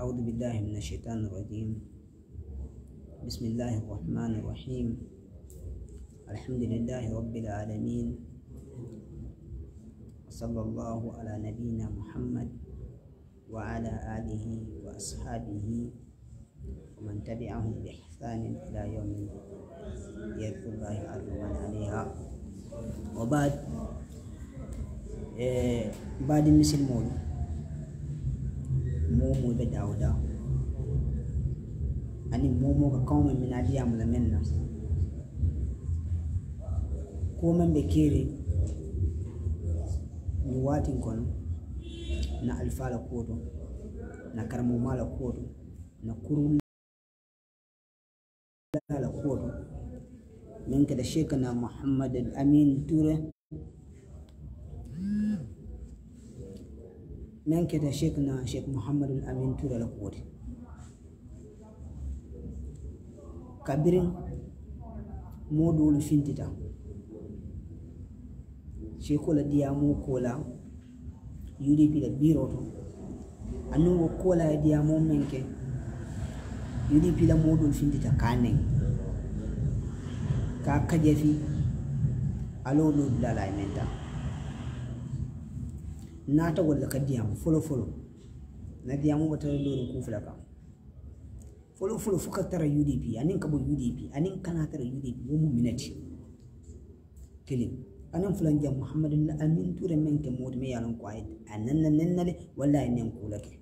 أعوذ بالله من الشيطان الرجيم بسم الله الرحمن الرحيم الحمد لله رب العالمين وصلى الله على نبينا محمد وعلى آله وأصحابه ومن تبعهم بإحسان إلى يوم يذكر الله عز وجل عليها وبعد إيه، بعد مثل momo da dawda ani momo ka kawme mina diyam la nan na ko men be kere ni watin kono na alfala kodo na karmo mala kodo na kurul la kodo min kada shekana muhammad amin ture nan ke ta sheik na sheik muhammadu amin tura da kori kabirin modulu shintita shi kula diya mu kola udp da biroto annu wa kola ya diya mu menke udp da modulu shintita kanin ka kajefi alolu lalaimenta la ta gwada ka diyamu folo folo na mu bata lorin ku fula kam folo folo fo tara udp anin ka bo udp anin kana tara udp wo mu minati kelin anan fulan jam Muhammadu la amin tura men ke mod me yalan ko a anan nan nan nale wallahi nan kula ke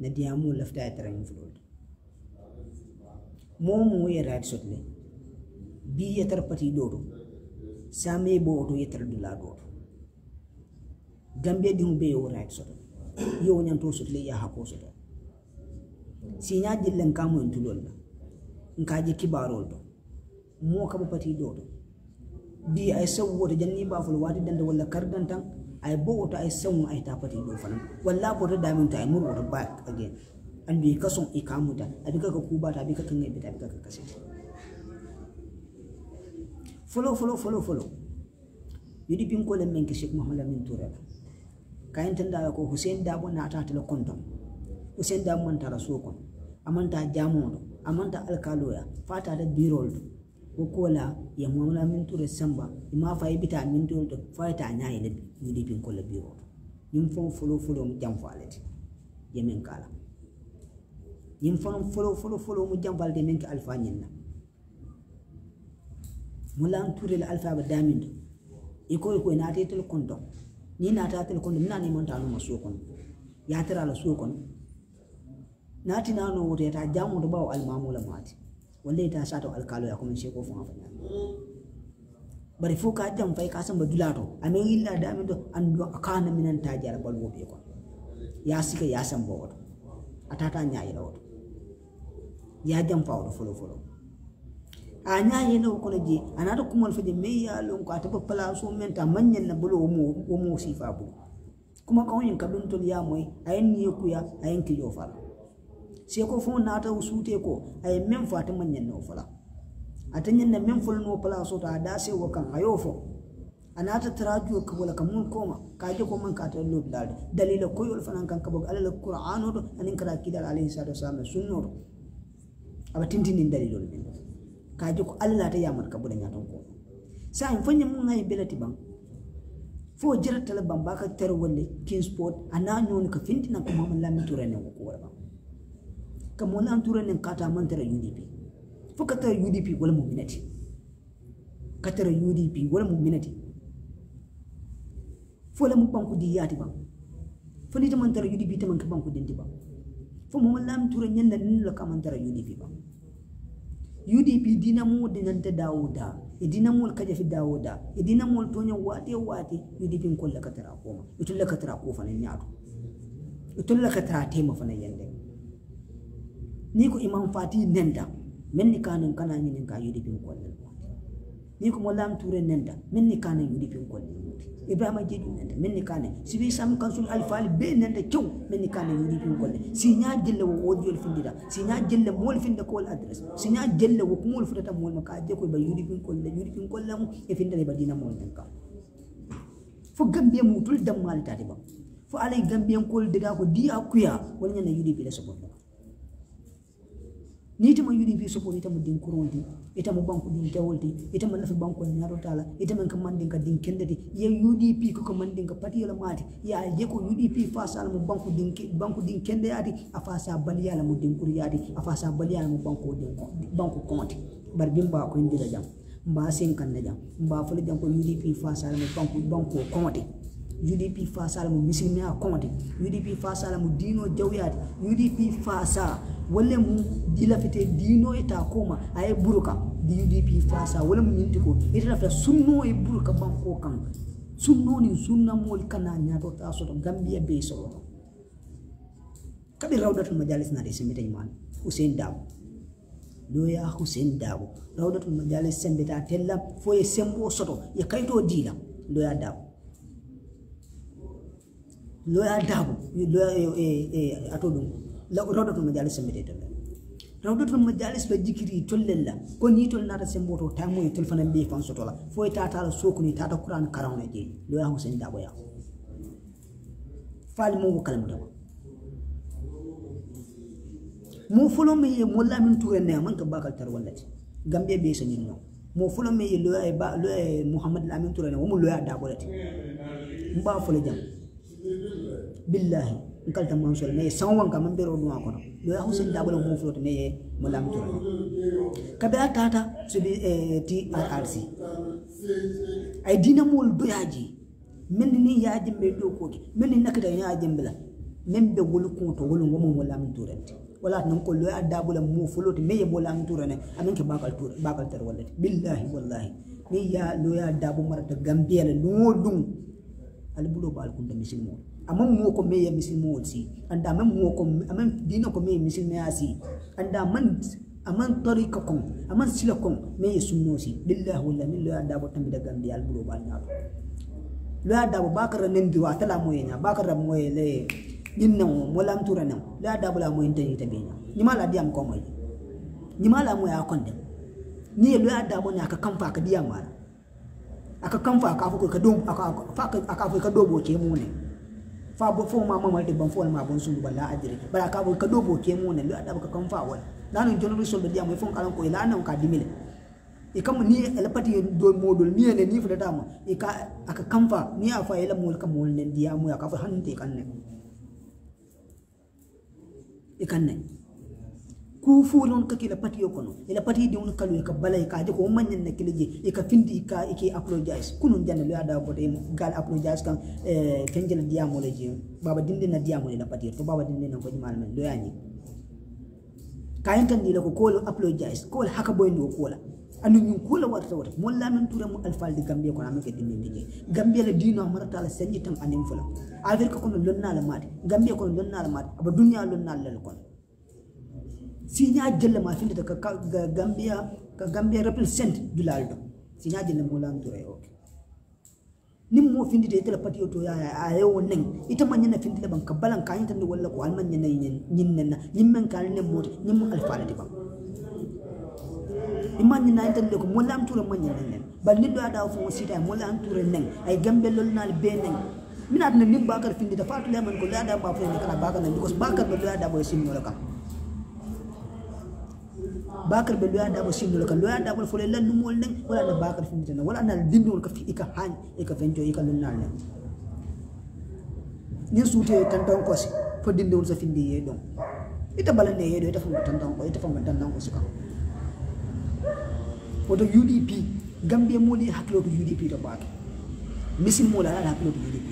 na mu lafta ya tara min fulo mu mu ya rat sotle bi ya tar pati dodo same bo to ya tar dula dodo gambe diŋo be yewo right soto yewo ñanto soto le ye hako soto siña jille ka moyen tulol la nka je kibarol mo ka kabo pati do to bi ay sew wota janni bafol wati dande wala kar dantan ay bo wota ay sew ay ta pati do fanan walla da daminta ay mur wota back again bi ka son i kamuta abi ka ta abi ka kanga bita bi ka kase follow follow follow follow yidi bin ko le men ke sheikh muhammad amin touré la kayen da ko Hussein dabo na ta tele kondom Hussein dabo man tara sokon amanta ta amanta alkaloya fata da birol ko kola ya mamla min ture samba ima fa ibita min dol do fa ta yi ile ni de bin kola birol yin fon folo folo mu jam falati min kala yin fon folo folo folo mu jam falati min ka alfa na mulan ture alfa ba damin iko iko na tetel kondom ni na ta tin kono na ni mon talu masu kono ya tira la su kono na ti na no wote ta jamu to bawo almamu la mati ya ta sa sato alkalo ya kuma she ko fon afanya bari fo ka fai ka san badula to amen illa da amen do an do akana minan ta jar bal wobe ko ya sika ya san bawo nya nyaayi la wata ya jam fawo folo folo a yi na kono je na kumol kuma alfaji mai ya lon a ata place menta manyan ta na bulo wa mosi mo kuma kan yin kadun tol ya a yin ni kuya a yin yo fala sai ko ta nata usute ko ayen min fata manyan na no a ta yin na min fol na place o ta da sai wakan A fo ta tarajuo ka wala ka mun koma ka je ko man ka ta lo bilal dalila ko yol kan ka bog alal qur'an do anin kala kidar alayhi salatu wasallam a do abatintinin dalilin min kaji ko allah ta yamar ka budan yatan ko sa in fanya mun hayin belati ban fo jira tala ban ka tar walle sport, ana nyon ka finti na kuma mun lamin turan ne ko wala ka mun an turan nan kata man tara UDP fo ka tara UDP wala minati ka tara UDP wala minati fo la mu banku di yati ban fo ni ta man tara UDP ta man ka banku din di ban fo mun lamin turan nan nan la ka man tara UDP ban UDP dina mo dinante dawuda idina mol kaje fi dawuda idina mol tonya wati wati UDP ko la katara ko itul la katara ko fana nyaado itul la katara tema fana yende ni ko imam fati nenda men ni kanin kana ni ka UDP ko la ni kuma lam ture nenda min ni kana yudi pin ko ibrahima jedu nenda min ni kana sibi sam kan sun alfal be nenda kyau min ni kana yudi pin ko si nya jelle wo wodi yol findida si nya jelle mol finda ko address si nya jelle wo mol fudata mol maka je ko ba yudi pin ko le yudi pin ko lam e finda ba dina mol ndanka fo gambe mutul dam malta de ba fo alay gambe ko diga ko diya kuya wala nya yudi bi la sobo niti ma yudi bi soko ita mu din kuronti ita mu banku din jawolti ita man nafi banku ni naro tala ita man kan mandin ka din kendati ya UDP ko kan mandin ka pati yala mati ya je ko UDP fa sal mu banku din banku din kende yati afa sa bal la mu din kur yati afa sa bal la mu banku din banku konti bar bim ba ko indira jam mba sen kan jam mba fulu jam ko UDP fa sal mu banku banku konti UDP fasala mo misilimiya konde UDP fasala mo dino jawyade UDP fasa wala mu dilafite dino ita koma aye buruka UDP fasa wala mu nyinti ko ita lafita sunnoo e buruka banko kan sunno ni sunna mol kana nyato ta so gambia be so kabi rawdatul majalis na de semita iman Hussein Dabo doya Hussein Dabo rawdatul majalis sembita tella fo e sembo soto e kayto dila doya daabu. e e ato ɗum rawdatul majalis sembete tolle rawdatul majalis be jikiri tollel la ko ni tol nata semboto tamoye tol fana mbe fan sotola foye tatala sokuni tata kuran karawna e jeeyi loya husen ya faali mo kalam kalamutama mo mi e ye molla min turen ne man ka bakal tar wallati gambe be sanin no mo fulo mi e loya e ba loya e muhammad lamin turen ne wo mo loya lati mba fulo jam billahi nkal tam mansol me san wanka man bero nuwa kono do ya husin da bala mu floto me mo lam tura kabira tata su bi trrc ay dina mol do yaji min ni yaji me do ko min ni nakata yaji mbila min be wol ko to wol mo mo lam tura wala nan ko lo adda bala mu floto me mo lam tura ne amin ke bakal tura bakal tar wallati billahi wallahi ni ya lo ya da bu marata gambiyala no dum albulo bal kun da misil mo ama mu ko me ye muslim woti anda ama mu ko ama dina ko me ye muslim asi anda man aman tori ko kon aman sila kon me ye sunno si billahi wala billahi anda ko tambi daga mbi alburo bal na la da bakar nen diwa tala mo yena bakar mo yele yin nan mo lam tura nan la da bula mo intan ta benya ni mala diam ko moy ni mala mo ya kon dem ni la da mo na ka kamfa ka diam wala aka kamfa ka fa ka do aka fa ka fa ka do bo ke mu ne fa bo fo ma ma de ban fo ma bon sun balla adire bara ka bo ka do bo ke mo ne la da ka kan fa wal la no jono so be dia mo e fon kalan ko ila e na ka dimile e kam ni el pati e do modol ni ne ni fudata ma e ka aka kan fa ni afa ila mo ka mo ne dia mo ya ka fa hante kan ne e kan ne kufuron ka la pati kono ila pati de un kalu ka bala ka je ko manyen na kilije e ka findi ka e ke apologize kunun janna lo ada ko de gal apologize kan eh kenjena diamo leje baba dinde na diamo la pati to baba dinde na ko jimal men lo yani tan di la ko ko apologize ko haka boy ndo ko la anu ñun kula warta wata mo men tura mu alfal di gambia ko amake dimbe dije gambia la dino marata la senji tan anim fula alver ko ko lonna la mate gambia ko lonnal maade mate aba dunya lonna la kon sinya jelle ma finde ka gambia ka gambia represent dulaldo sinya jelle mulan to ayo nim mo finde de tele pati to ya a yawo ita man yana finde ban balan ka yinta ni walla ko alman yana yin yin nan yin men ka ne mo nim mun alfala de ban imman yana yin de ko mulan to man yana nan ni do ada fo sita mulan to nan ay gambe lol nal be nan mina tan nim bakar finde da fatu le man ko da da ba fo ne kala bakar nan because bakar do da da sin mo lokam bakar be loya ndabol simdol ka loya fulai lan lallumol nden wala na bakar fimtena wala na dimbiwol ka fi ika hani ika fenjo ika lunnal ne. ni suutoyo tan ko kosi fo safin so ya yi don. ita balande yeeɗo ita fango tan tan ko ita fango tan tan ko suka woto udp gambie mooli hakkilo to udp da baake misin mooli alaala hakkilo to udp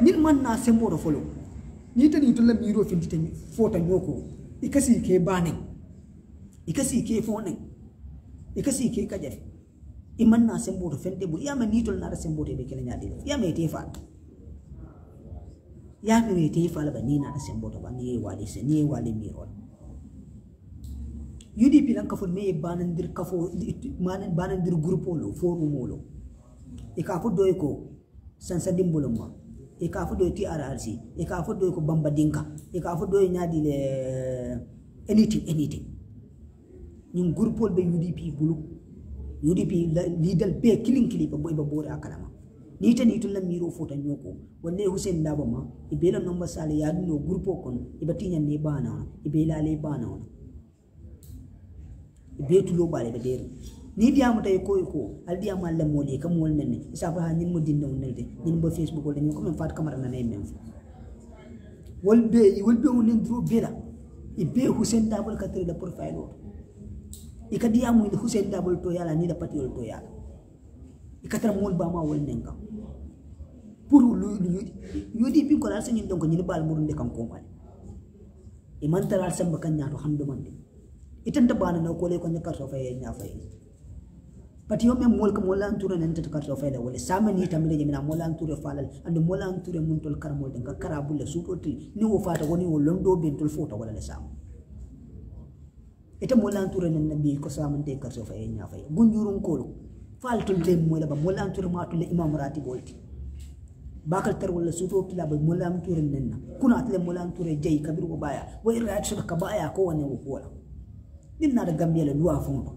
man na manna semboɗo folo ni tani to lammiiro fintite fota nyoko i kasi ke banin ikasi ke fonen ikasi ke kaje iman na sembo to fende bu ma nitol na sembo de be kene nyaade yama te fa ya me te fa la ba ni na sembo to ba ni e wale se ni e wale mi rol UDP lan kafo me banandir kafo manan banandir groupe lo forum molo e ka ko doy ko sansa dimbolum ma e ka fo doy TRRC e ka fo doy ko bamba dinka e ka fo doy nyaadi le eh, anything anything ñun ñingurpol ɓe udp gulu udp li dal be kilin kili ɓe ɓe ɓoore a kalama ni tani tun lan miro fota ñoko walle hussein daba ma e ɓe lan nomba sale yaɗuno groupe o kono eɓa tiñanne bana ona e ɓe laale bana ona e ɓe tulo ɓaale ba deere ni diyama tawi koye ko ala diyama allah moole kam wol nenne safa ha ñinmo dinne o nelde ñinmo facebook olle ñin comme fat camara nanayi men fo wol ɓe wol ɓe o nendiro beela e ɓe hussein dabol kattere la profile oto dia mu husen da double to yala ni dapat yul to yala Ika mul ba ma nengka. Puru pour lu yudi di ko kola sen dong kanyi bal mur de kang kumal. Iman e tara sam bakan nyaato hamdu man itan da bana na ko le ko ni karso fay nya fay pati yo mem mol ka an wala sama ni tamle je mina mol an falal and mol an tura kar mul de karabul su to ni wo fata woni wo londo fota wala le sama ite molanture nen nabi ko samante karso fa e ñaafay gunjurun kolu faltul de mola ba molanture matul imam rati bolti bakal tar wala suto kila ba molanture nen na kuna atle molanture jey kabir ko baya way rat so ka baya ko wane wo wala din na da gambia la duwa fondo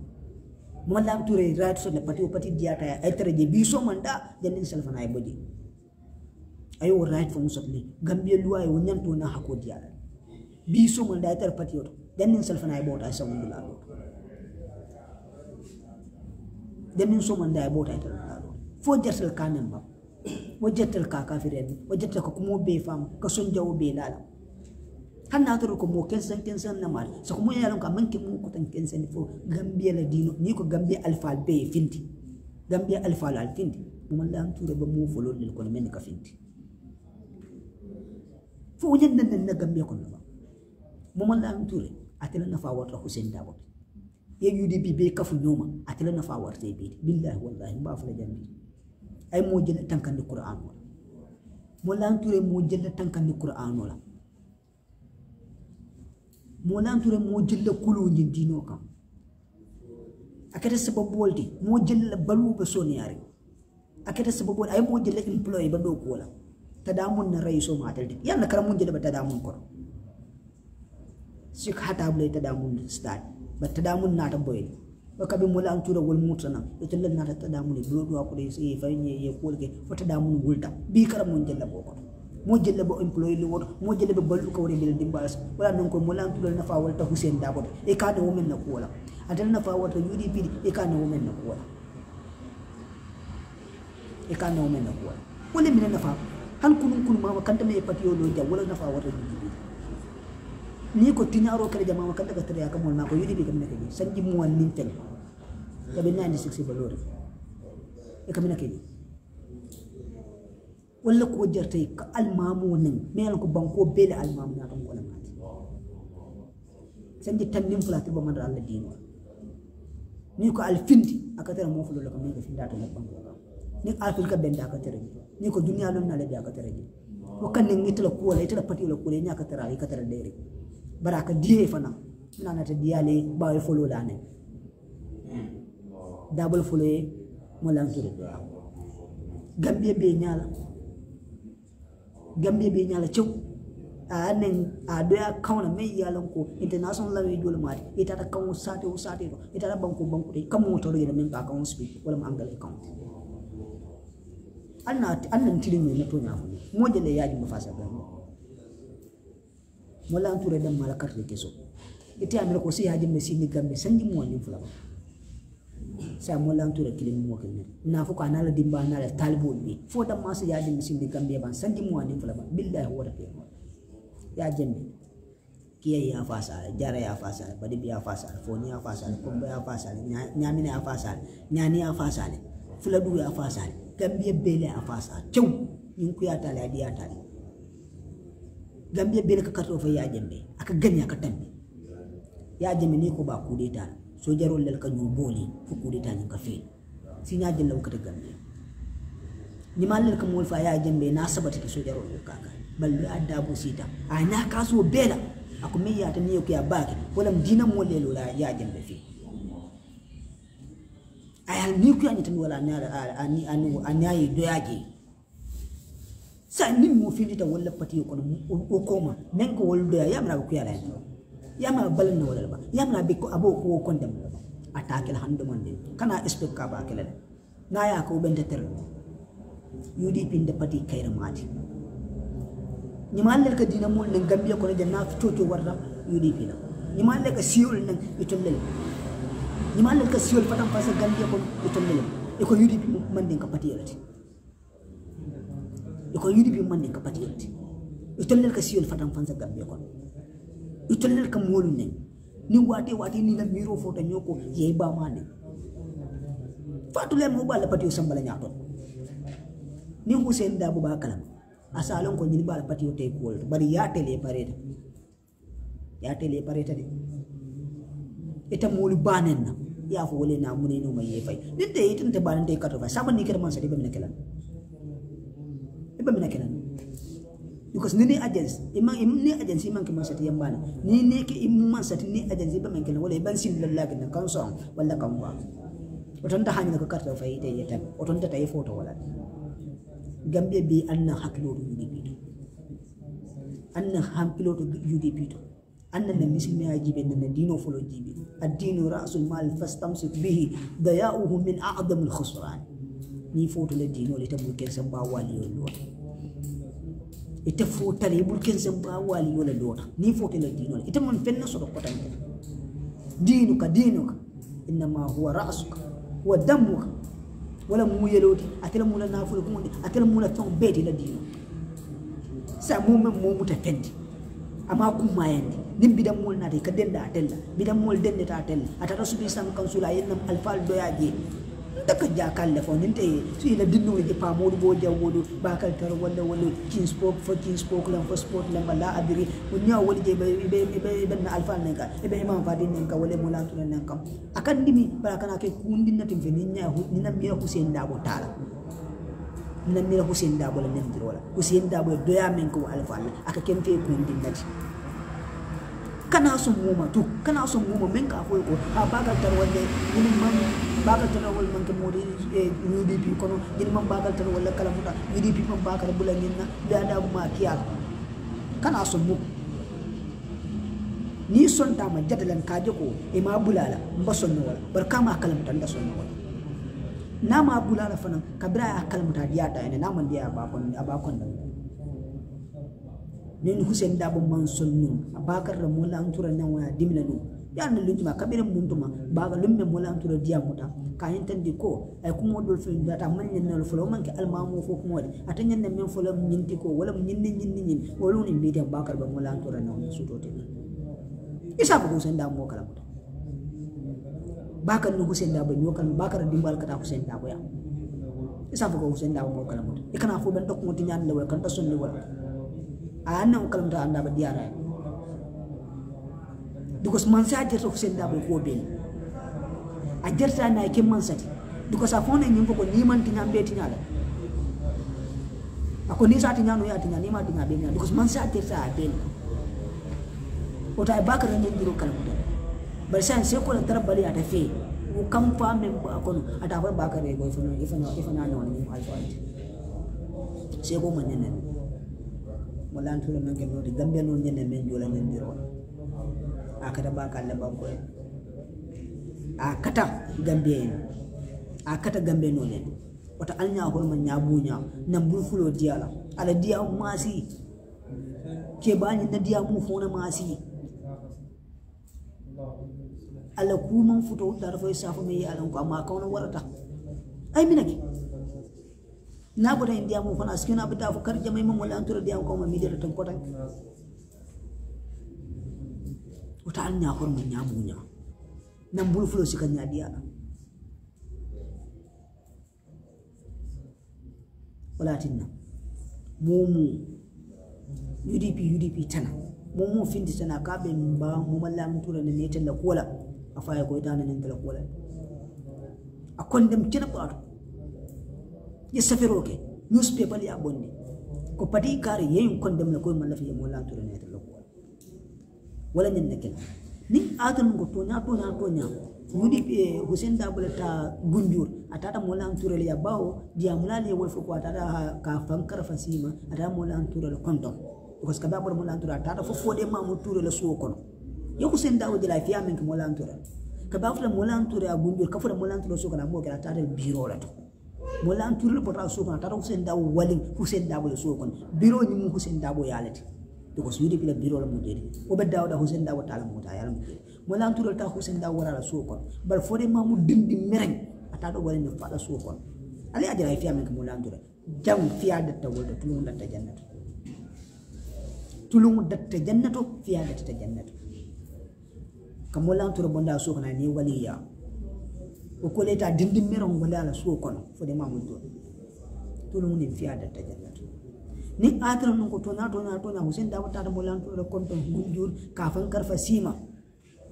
molanture rat so le pati pati diata ay tere je bi so manda jandin salfana ay boji ayo right from sotli gambia luwa ay wonyanto na hakodi ala bi so manda ay tere pati yoto then himself and I bought, I surrendered our Lord. Then in so I bought, I surrendered our Lord. For just a car number. Wajatal ka kafirin, ko ka kuma bai fam, ka sun jawo bai lala. Han na turu ko mo kensan kensan na mari, sa kuma yaron ka manke mu kutan kensan fo gambiya la dino, ni ko gambiya alfa albe finti. Gambiya alfa alfinti. Mun la an tura ba mu folon ne ko men ka finti. Fo wajen nan na gambiya ko ba. Mun la an atela nafa warta Hussein Dabo ya UDP be kafu ñoma atela nafa warta be billahi wallahi ba fa la jambi ay mo jël tankan di Qur'an wala mo lan touré mo jël tankan di Qur'an wala mo lan touré mo jël kulu ñi dino kam akata sababu mo jël balu ba yari akata sababu ay mo jël employé ba do ko wala tadamun na raiso matal di yalla karamun jël ba tadamun ko ሲካታ ብሎ የተዳሙን ስታል በተዳሙን ናተቦይ ወከቢሞላ አንቹረ ወልሙትና የትለና ተዳሙን ብሎዱ አቁሬ ሲፈኝ የቆልገ ወተዳሙን ውልታ ቢቀርም ወንጀል ቦቆ ሞጀል ለቦ ኤምፕሎይ ለወድ ሞጀል በበሉ ከወሬ ቢል ዲምባስ ወላ ምን ኮ ሞላ አንቹረ ነፋ ወልታ ሁሴን ዳቦ ኢካደ ወመን ነው ወላ አደል ነፋ ወልታ ዩዲፒ ኢካደ ወመን ነው ወላ ኢካደ ወመን ነው ወላ ወለ ምን ነፋ هل كنون كن ما كنت ما يبتيو لو جا ولا نفع ورجل ni kottini aroo kale jamaa wakkan dhagattare akka molmaa koyyuu dhibii kamina kenye sanji muwannin tanya kabinaa inni siksi baloore kamina kenye walla ko jartay ka almaamu nin meelan ko banko beele almaamu naa kam ko lamaati sanji tannin fulaati ba mandar alla diinwa ni ko alfindi akatara mo fulo lakam ni ko findaata lakam ni afrika benda akatara ni ko duniya lon na labi akatara ni wakkan ni ngitala kuwala itala pati wala kuwala ni akatara ikatara dere baraka diine fana nanata diyale bawe folo lane dabol folo ye mo lanturu gambia be nyala gambia be nyala cew a nen a doya kauna mai iyalan ko international lawe dole ma ita ta kawo sate o sate do ita ta banko banko dai kan mu tolo yele min ka kawo spi wala ma angale kawo anna annan tilin ne na to nya mo jele yaji mu fasa molan ture dam mala carte keso ite amel ko si hajim mesin ni gambe sangi mo ni fula sa molan ya kirim kilim mo ni na fu ka nala dimba nala talbo ni fo dam ma si hajim si ni gambe ban sangi mo ni fula billahi wa rabbi ya jembe ki ya fasa jara ya fasa badi ya fasa foni ya fasa kombo ya fasa ni ya fasa nyani ya fasa fuladu ya fasa gambe bele ya fasa chou ni ku ya tala ya tala gambia bele ka kato fa ya jembe aka gani ka tambe ya jembe ni ko ba ta so jaro lal ka nyu boli fu ta ni ka fe si nya jella ka gambe ni ma lal ka mol fa ya jembe na sabata ki so jaro ka ka adda bu sita a na so bela aku me ya ta ni ko ya ko wala dinan mo le lola ya jembe fe ayal ni ku ya ni tan wala na ani ani ani do ya je sani mu fili ta wala pati ko o koma men ko wala do ya mara ko yala ya mara balan na wala ba ya mara biko ko abo ko ko ndam atake la hando monde kana expect ka ba kala na ya ko bende ta ter UDP nda pati kayra mati ni mallal ka dinamo mul nan gambiya ko janna fito to warra yudi pina ni mallal ka siul nan itollel ni mallal ka siul fatan fasa gambiya ko itollel e yudi UDP man den ka pati yalati man ka يكون يدي بيوم ka بديت يتلل fanza الفتام ko قبل يكون ka molu ne ni wate wate ni la miro fota nyoko ye ba mane fatu le mo bala patio sambala nyato ni hussein da buba kala asalon ko ni bala patio te ko bari ya tele e pareta ya tele e pareta de ita mulu banen na ya fo wole na munene no mai ye fay din de itin te banen te kato fa sama ni kada man sa de be men kelan iba mina kenan because ni ni agents imman ni agents imman kuma sati yan bana ni ne ke imman sati ni agents iba min kenan wala iban sin lalla kenan kan so wala kan ba oton ta hanya ka karta fa ita yata oton ta tayi photo wala gambe bi annan hakilo to UDP to annan hakilo to UDP to annan da musulmi ya jibe nan dino folo jibe addinu ra'sul mal fastamsik bihi daya'uhu min a'zamil khusran ni photo le dino le tabu ken san ba wali yolwa ite fotare ibul kense bawa ali yola lora ni fotela dino ita man fenna so ko tan dinu ka dinu ka ma huwa ra'suka wa damuka wala mu na atela ko nafulu kuma mu na ton beti la dino sa mu men mu muta fendi amma kuma yandi nim bidan mul na dai ka denda atella bidan mul denda ta atella atata su bi sam kansula yennam alfal je. daga kan lefa ta te su la dinno e pa mo bo ja wodo ba kan tara wala wani kin spoke for kin spoke lan for sport lan ba adiri munya yawon wani gebe ibe na alfa nan ka ibe be imam fadin nan ka wale mola tun nan a kan dimi bala kana ke kundin natin fe ninya hu nina mira Hussein da bo tala na mira Hussein da bo la nan dir wala husen da bo doya min ko alfa nan aka ken fe kundin ci kana son goma to kana son goma min ka ko a bagar tarwande yin man bagal wol man ke modi e eh, UDP kono din man bagal tan wala kala muta UDP man bakal bulan na da da ma kiyal kana so mu ni son ta ma jadalan kaje ko e ma bulala ba son wala bar kama kalam tan da son wala na ma bulala fana kabira ya kalmuta diya ta ne na man diya ba kon ba kon da nin husen da ban man son nun abakar da mola an tura nan wa dimna nun ya lunjuma kabira munduma baga lumme mola diamuta ka hintendi ko ay kumo dol fe data man nyen nol fulo manke almamu fo kumo de ata nyen men fulo nyinti ko wala nyinni nyinni nyin wala ni bakar ba mola anturo na on suto te isa ko sen da mo kala bakar no sen da ba nyokal bakar dimbal kata ko sen da ya isa ko sen da mo kala ikana fo ben dokmo ti nyan le wala kan tasun le wala a nan kalamta anda ba diara ya. because said had of send double four bill. I just ran I came said because I found a new book on Niman Tingam Betinala. I could not in ni Yatina, Nima Tingabina, because Mansa had to bill. What I back and then you can. But since you could have body at a fee, who come for me at our back away if an if an if an unknown ma I find. Say woman in it. Malantu and Gambia no Yemen, Julan and Jerome. A akata bakalla bankoye a kata gambiyen a kata gambe ne wata ya ñabuña nan bul fulo diyala ala diya ba ni na diya mu fona masi ala kuman futo da rafa safo mi yi alan ku amma kauna warata mina minake na bota en diyamu suke na ɓe ta fo kar jamay mamolle diya diyam kawma midiyata tan kotan wata an nya hormon ya munya nan bulfulo shi kan nya biya walatin tinna mumu udp udp tana mumu da tana kabe ba mu malla mu tura ne talla kola afaya ko dana ne talla kola akon dem kina ba ya safiro ke newspaper ya bonde ko padi kare yayin kon dem la ko mallafi ya mola tura ne talla kola wala ñande kel ni atal ngo to nya to nya to nya eh, Hussein Dabula ta gunjur atata mola antura ya bawo dia mulali wol fuko atata ka fankar fasima atata mola antura le kondo parce que babur mola antura atata fofo de mamu tura le suwo kono yo Hussein Dawo de la fiya men ko mola antura ka bafula mola antura gunjur ka fura mola antura suko na mo kala atata biro la to mola antura le pota suko atata Hussein Dawo walin Hussein Dawo le suwo kono biro ni mu Hussein Dawo yalati دوكو سيدي بلا بيرو ولا موديري وبدا ودا حسين دا وتا على موتا يا الموديري مولا انتو دلتا حسين دا ولا سوكون بل فودي ما مو دندي مرن اتا دو ولا نفادا سوكون علي اجرا في امك مولا انتو جام في عدد تولد تلوم دت جنته تلوم دت جنته في عدد تجنته كمولا انتو بوندا سوكنا ني وليا وكوليتا دندي مرن ولا على سوكون فودي ما مودو تلوم ني في عدد تجنته ni atram nun ko to na tona na to da wata da molan to da konton gunjur kafan karfa sima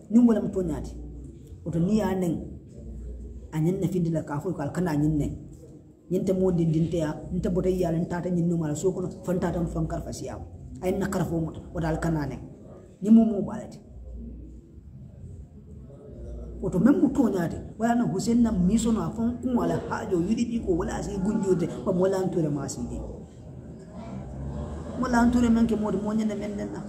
ni wala to na ti wato ni ya nan anyen na fidda kafo ko alkana nyin ne yin ta modin din ta ya yin nta botai ya lan tata nyin numa so fan ta tan fan karfa siya a yin na karfo mota wata alkana ne ni mu mu balati woto meŋ mu tooñaate wala na husen na misono a faŋ kuŋo a la haajo yiri ɗi ko wala a si ta ba molaan tore maa siidee malanture men ke modi mo nyande men nenna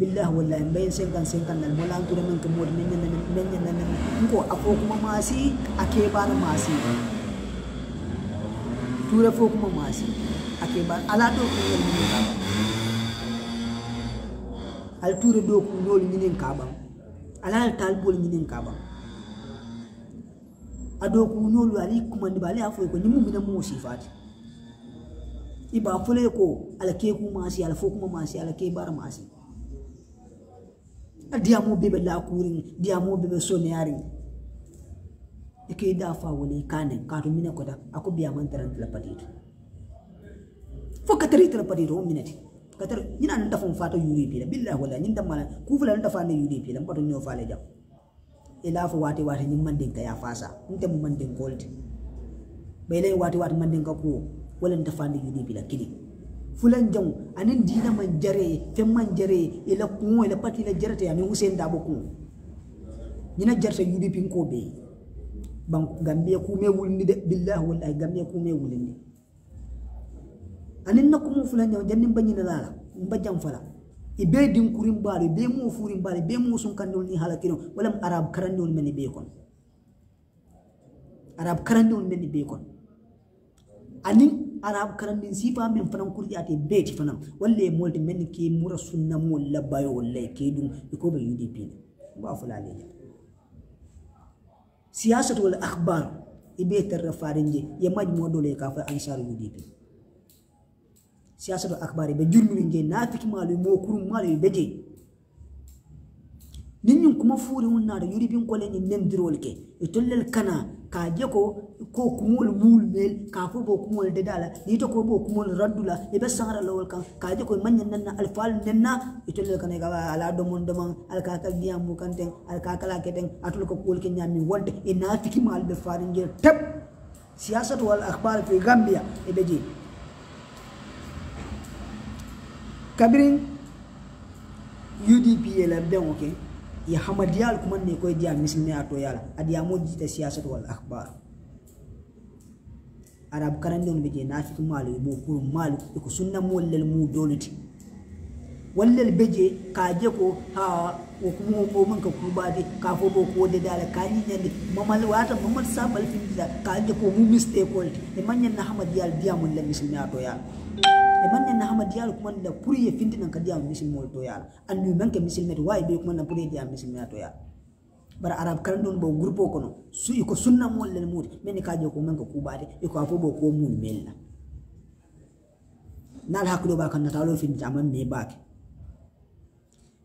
billahi wallahi mbayen senkan senkan nan malanture men ke modi men nyande men nyande nenna ko afo kuma masi ake bana masi tura fo kuma masi ake bana ala do ko ngel ni kaba al tura do ko lol ni kaba ala tal bol ni kaba ado ko nyolu ali kuma ni bale afo ko ni mu mina mo sifati iba fule ko alake ku masi alfo kuma masi alake bar masi diamo bebe la kurin diamo bebe soniyari ike da fa wani kane ka to mina ko da ako biya man n la padito fo katari tara padito o minati katar ina nan da fa fata yuri bi billahi wala nin da mala ku fula nan da fa ne yuri bi la mbato nyo fa le jam ila fa wati wati nin man din ka ya fasa nin da mu man din gold bai lai wati wati man ka ko walan dafandi yidi bila kili fulan jaw anin dina man jare fem man jare ila kun ila pati ila jarate ani husen dabo kun ñina jarta yudi pin ko be ban gambe ku me wulni de billahi wallahi gambe ku me wulni anin nakum fulan jaw jannim banyina lala mbajam fala ibe din kurin bare be mu furin bare be mu sun kan ni halakino walam arab karan meni men be kon arab karan meni men be kon anin arab karandin sifa min fanan kurdi ate beti fanan walle mol de men ke mura sunna mol labayo walle ke dum ko be UDP ba fula ne siyasatu wal akhbar ibe tarra farinje ya majmo dole ka fa ansar UDP siyasatu akhbar be jurmi nge nafiki malu mo kurum malu beje nyum kuma furi hunna da yuribin kwalen nin dirwalke itollal kana ka je ko ko mul mel ka fo bo kumul de dala ni to ko bo kumul radula e be sangara lawol kan ka je ko manyan nan alfal nan na ito e le kan ga ala do mon do man al ka ka diam mu kan ten al ka kala ke ten atul ko kul ke nyami wonde e na fiki mal be farin je tep siyasatu wal akhbar fi gambia e be je kabirin udp la ben okay ya hamadiyal kuma ne koy ya misne ato yala adi amo jita siyasat wal akhbar arab karan don be nafiq malu bo kur malu ko sunna mo lel mu doliti wallal beje kaje ko ha ko kuma ko mun ka kuba de ka fo bo ko de dala kani nyande mamal wata mamal sabal fin da kaje ko mu mistake ko ne manyan na hamadiya hamadiyal diamul la misne ato yala e man nen hama dial kuma la puriye finti nan kadiya misil mol to yala andu men ke misil met way be kuma nan puriye diya misil met to yala bara arab kan don bo grupo kono su iko sunna mol len muti men ka je ko men ko kubade iko afo bo ko mul mella nal haklo ba kan natalo finti aman me baake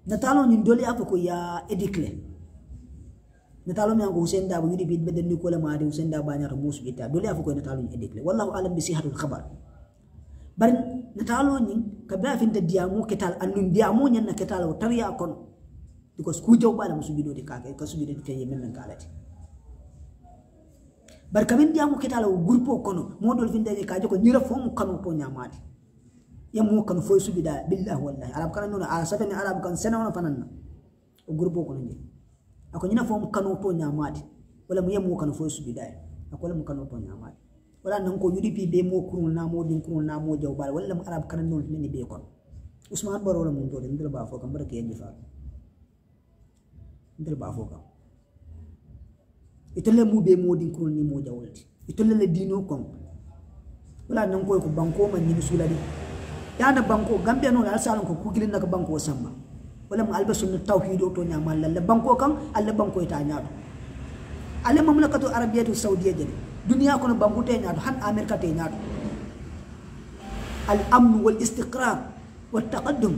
natalo ni doli afo ko ya ediclé natalo mi ango Hussein Dabo yudi bid beden ni kola maade Hussein Dabo banya ramus bita dole afu ko natalo ni edikle wallahu alam bi sihatul khabar bar natalo nyin ka ba fin da diamo ketal annun diamo nyen na ketal o tariya kon because ku jaw bala musubido de kake ka subido de kay men kalati bar kamin diamo ketal o gurpo kono modol fin de ka joko nyira fo mu kanu to nyamadi mo kanu fo subida billahi wallahi arab kan non a safa ni arab kan sena wona fananna o gurpo kono ni ako nyina fo mu kanu to nyamadi wala mu mo kanu fo subida ako wala mu kanu to nyamadi wala nan ko UDP be mo kurun na mo din kurun na mo bal wala arab kan non ni be kon usman Baro la mun to den ba fo kam barke yanji fa ndel ba fo kam itelle mu be mo din kurun ni mo jawolti itelle le dino kon wala nan ko ko banko man ni ya yana banko gambe no la salon ko kugilin ko banko samba wala mu tawhid o to nya la banko kam alla banko ita nya to mamlakatu arabiyatu saudiyya jadi duniya kono bambute ñaato han america te ñaato al amn wal istiqrar wal taqaddum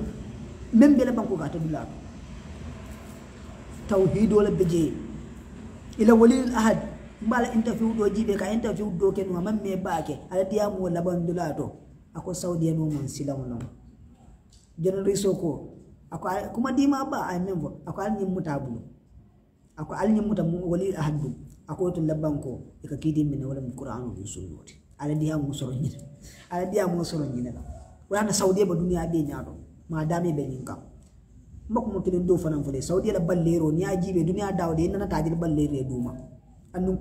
même bangku banko gata dulaato tawhid wala beje ila walil ahad mbala interview do jibe ka interview do ken wa mamme baake ala diamu wala ban dulaato ako saudi no mon silaw non jono riso ako kuma dima ba ay membo ako al nyim mutabulu ako al walil ahad akoto labbanko e ka kidimɓe no waɗa qur'anu ɗum sunnode ala ndiya mum soro ñina ala ndiya mum soro ñinala wonana saudia ba duniya ɓe ñaɗo ma dame ɓe ñin kam makko mo kelen dow fanan fole saudia la ballero ni a be duniya dawde e nanataajil ballere duuma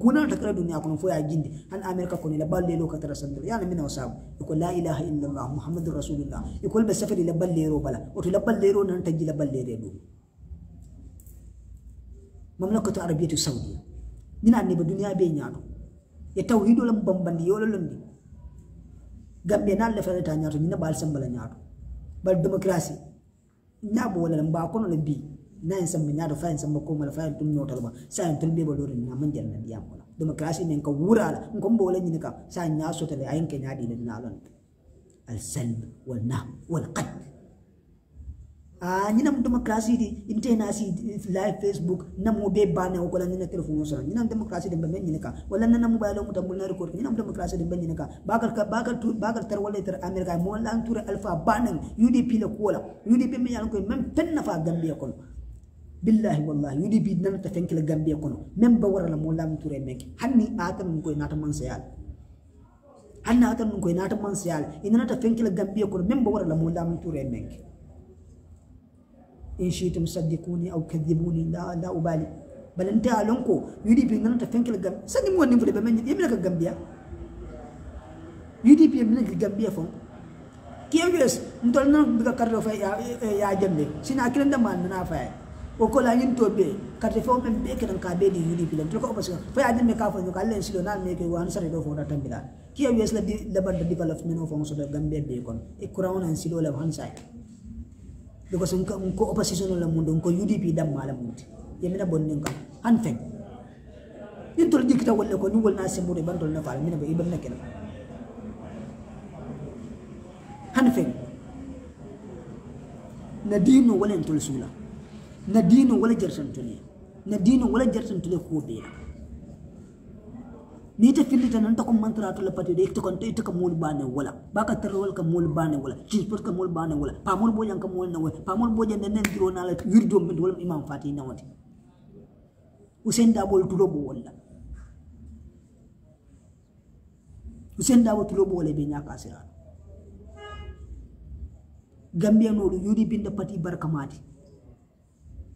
kuna ta kira duniya kono fo ya jinde han america ne la ballelo ka tara sandol yana mina wasabu eko la ilaha illallah muhammadun rasulullah ekol ɓe safari la ballero bala oto la ta nanataji la ballere duuma mamlakatu arabiyatu saudia ne ba duniya be ñaato ya tawhidu lam bamban bambandi yolo ni gambe na la fa ta ñaato ñina bal sam bala ñaato bal demokrasi démocratie bo wala lam ba kono le bi na en sam nayin samba ñaato fayin samba ko mala fa en tum ñotal ba sa en tul be ba lori na man jalla la demokrasi ne ko wura la ko mbo wala ñina ka sa ñaaso tele ayen ke ñaadi le na lon al salm wal nah wal qatl nyinam demokrasi di na si live facebook na namu beba na ko lan na telephone so nyinam demokrasi de ben nyinaka wala na namu bayalo mutam bulna record nyinam demokrasi de ben nyinaka bakal ka bakal tu bakal tar wala tar america mo la tour alpha banan udp la kola udp me yalla ko même pen na fa gambia ko billahi wallahi udp nan ta fenkle gambia ko même ba wara la mo lan tour mek hanni atam ko nata man sayal hanna atam ko nata man sayal inana ta fenkle gambia ko même ba wara la mo la tour mek in shi'tum saddiquni aw kadhibuni la la ubali bal anta alonko udp ngana ta fenkel gam sani mo wonni be men yemi ka gambia udp yemi ka gambia fon kms ndol na bi ka karlo fa ya ya jambe sina kiran da man na fa o ko la yin to be te fo men be kan ka be di udp lam to ko ba sa fa ya jambe ka fo ko Allah silo na me ke wan sare do fo da tambila kms la di la ba development of so da gambia be kon e kurawon an silo la han sai because unko, unko opposition la mundu unko UDP dam mala mundu yemina bonnen kam anten yin tol jikita wolle ko ni wolna sembude bandol na fal mina be ibam na kena hanfen na dino wala tol sula na dino wala jarsan tole na dino wala jarsan tole ko be nita fillita nan takum mantra to lapati de to kon to mul bane wala baka terwol ka mul bane wala jispor ka mul bane wala pamul bojan ka mul na wala pamul bojan na nen diro na la wirdo min wala imam fati nawati. usen da bol tulo wala usen da bol tulo bo wala be nyaka sira gambia no yuri binda pati barkamati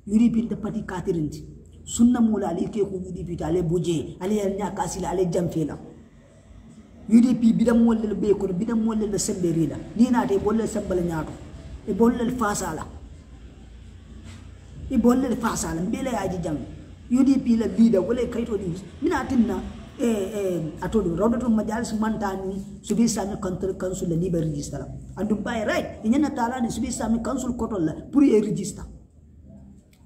yuri binda pati katirinti sunna mula ali ke ko UDP ta ale buje ali ya nya kasila ali ale jamfela UDP bidan mollel be ko bidan mollel da sembe rila ni na te bolle sembal nya ko e bollel fasala e bollel fasala le aji jam UDP la leader wala kayto di mina tinna e e ato do rodo to majalis mantani subi sami contre council la libre register andu bay right nyana tala ni subi sami council kotol la pour e register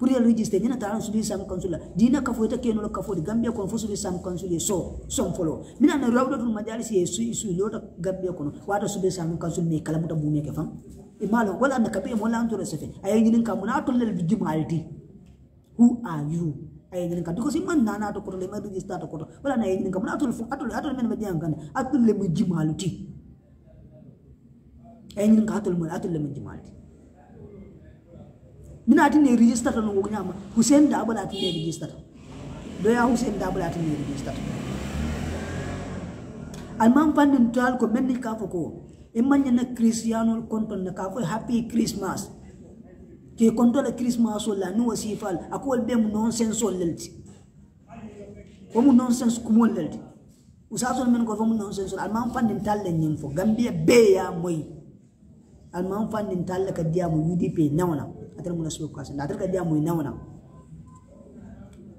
pour yel register ñina ta suli sam consulat dina ka fo ta keno ka fo gambia kon fo suli sam consulat so som folo mina na rawdo dun majalis ye su su lota gambia kono wata suli sam consulat me kala muta mume ke fam e malo wala na kabe mo lan to resefe ay ñinin ka muna to lel bijum alti who are you ay ñinin ka diko si man nana to ko le ma register to ko wala na ay ñinin ka muna to fu atul atul men ma diyan kan atul le mu jimalti ay ñinin ka atul mu atul le mu jimalti من أتين يريجستر لو غنيا ما حسين دابل أتين يريجستر دويا حسين دابل أتين يريجستر المهم فان نتال كو من نكافو كو إما نجنا كريستيانو كونتون نكافو هابي كريسماس كي كونتون كريسماس ولا نو سيفال أقول بهم نونسنس ولا لتي ومو نونسنس كمون لتي وساتون من كو نونسنس المهم فان نتال لنيم غامبيا بيا موي المهم فان نتال لك ديامو يو دي بي نونا atar munasib kasan nah, atar kadiya mu inauna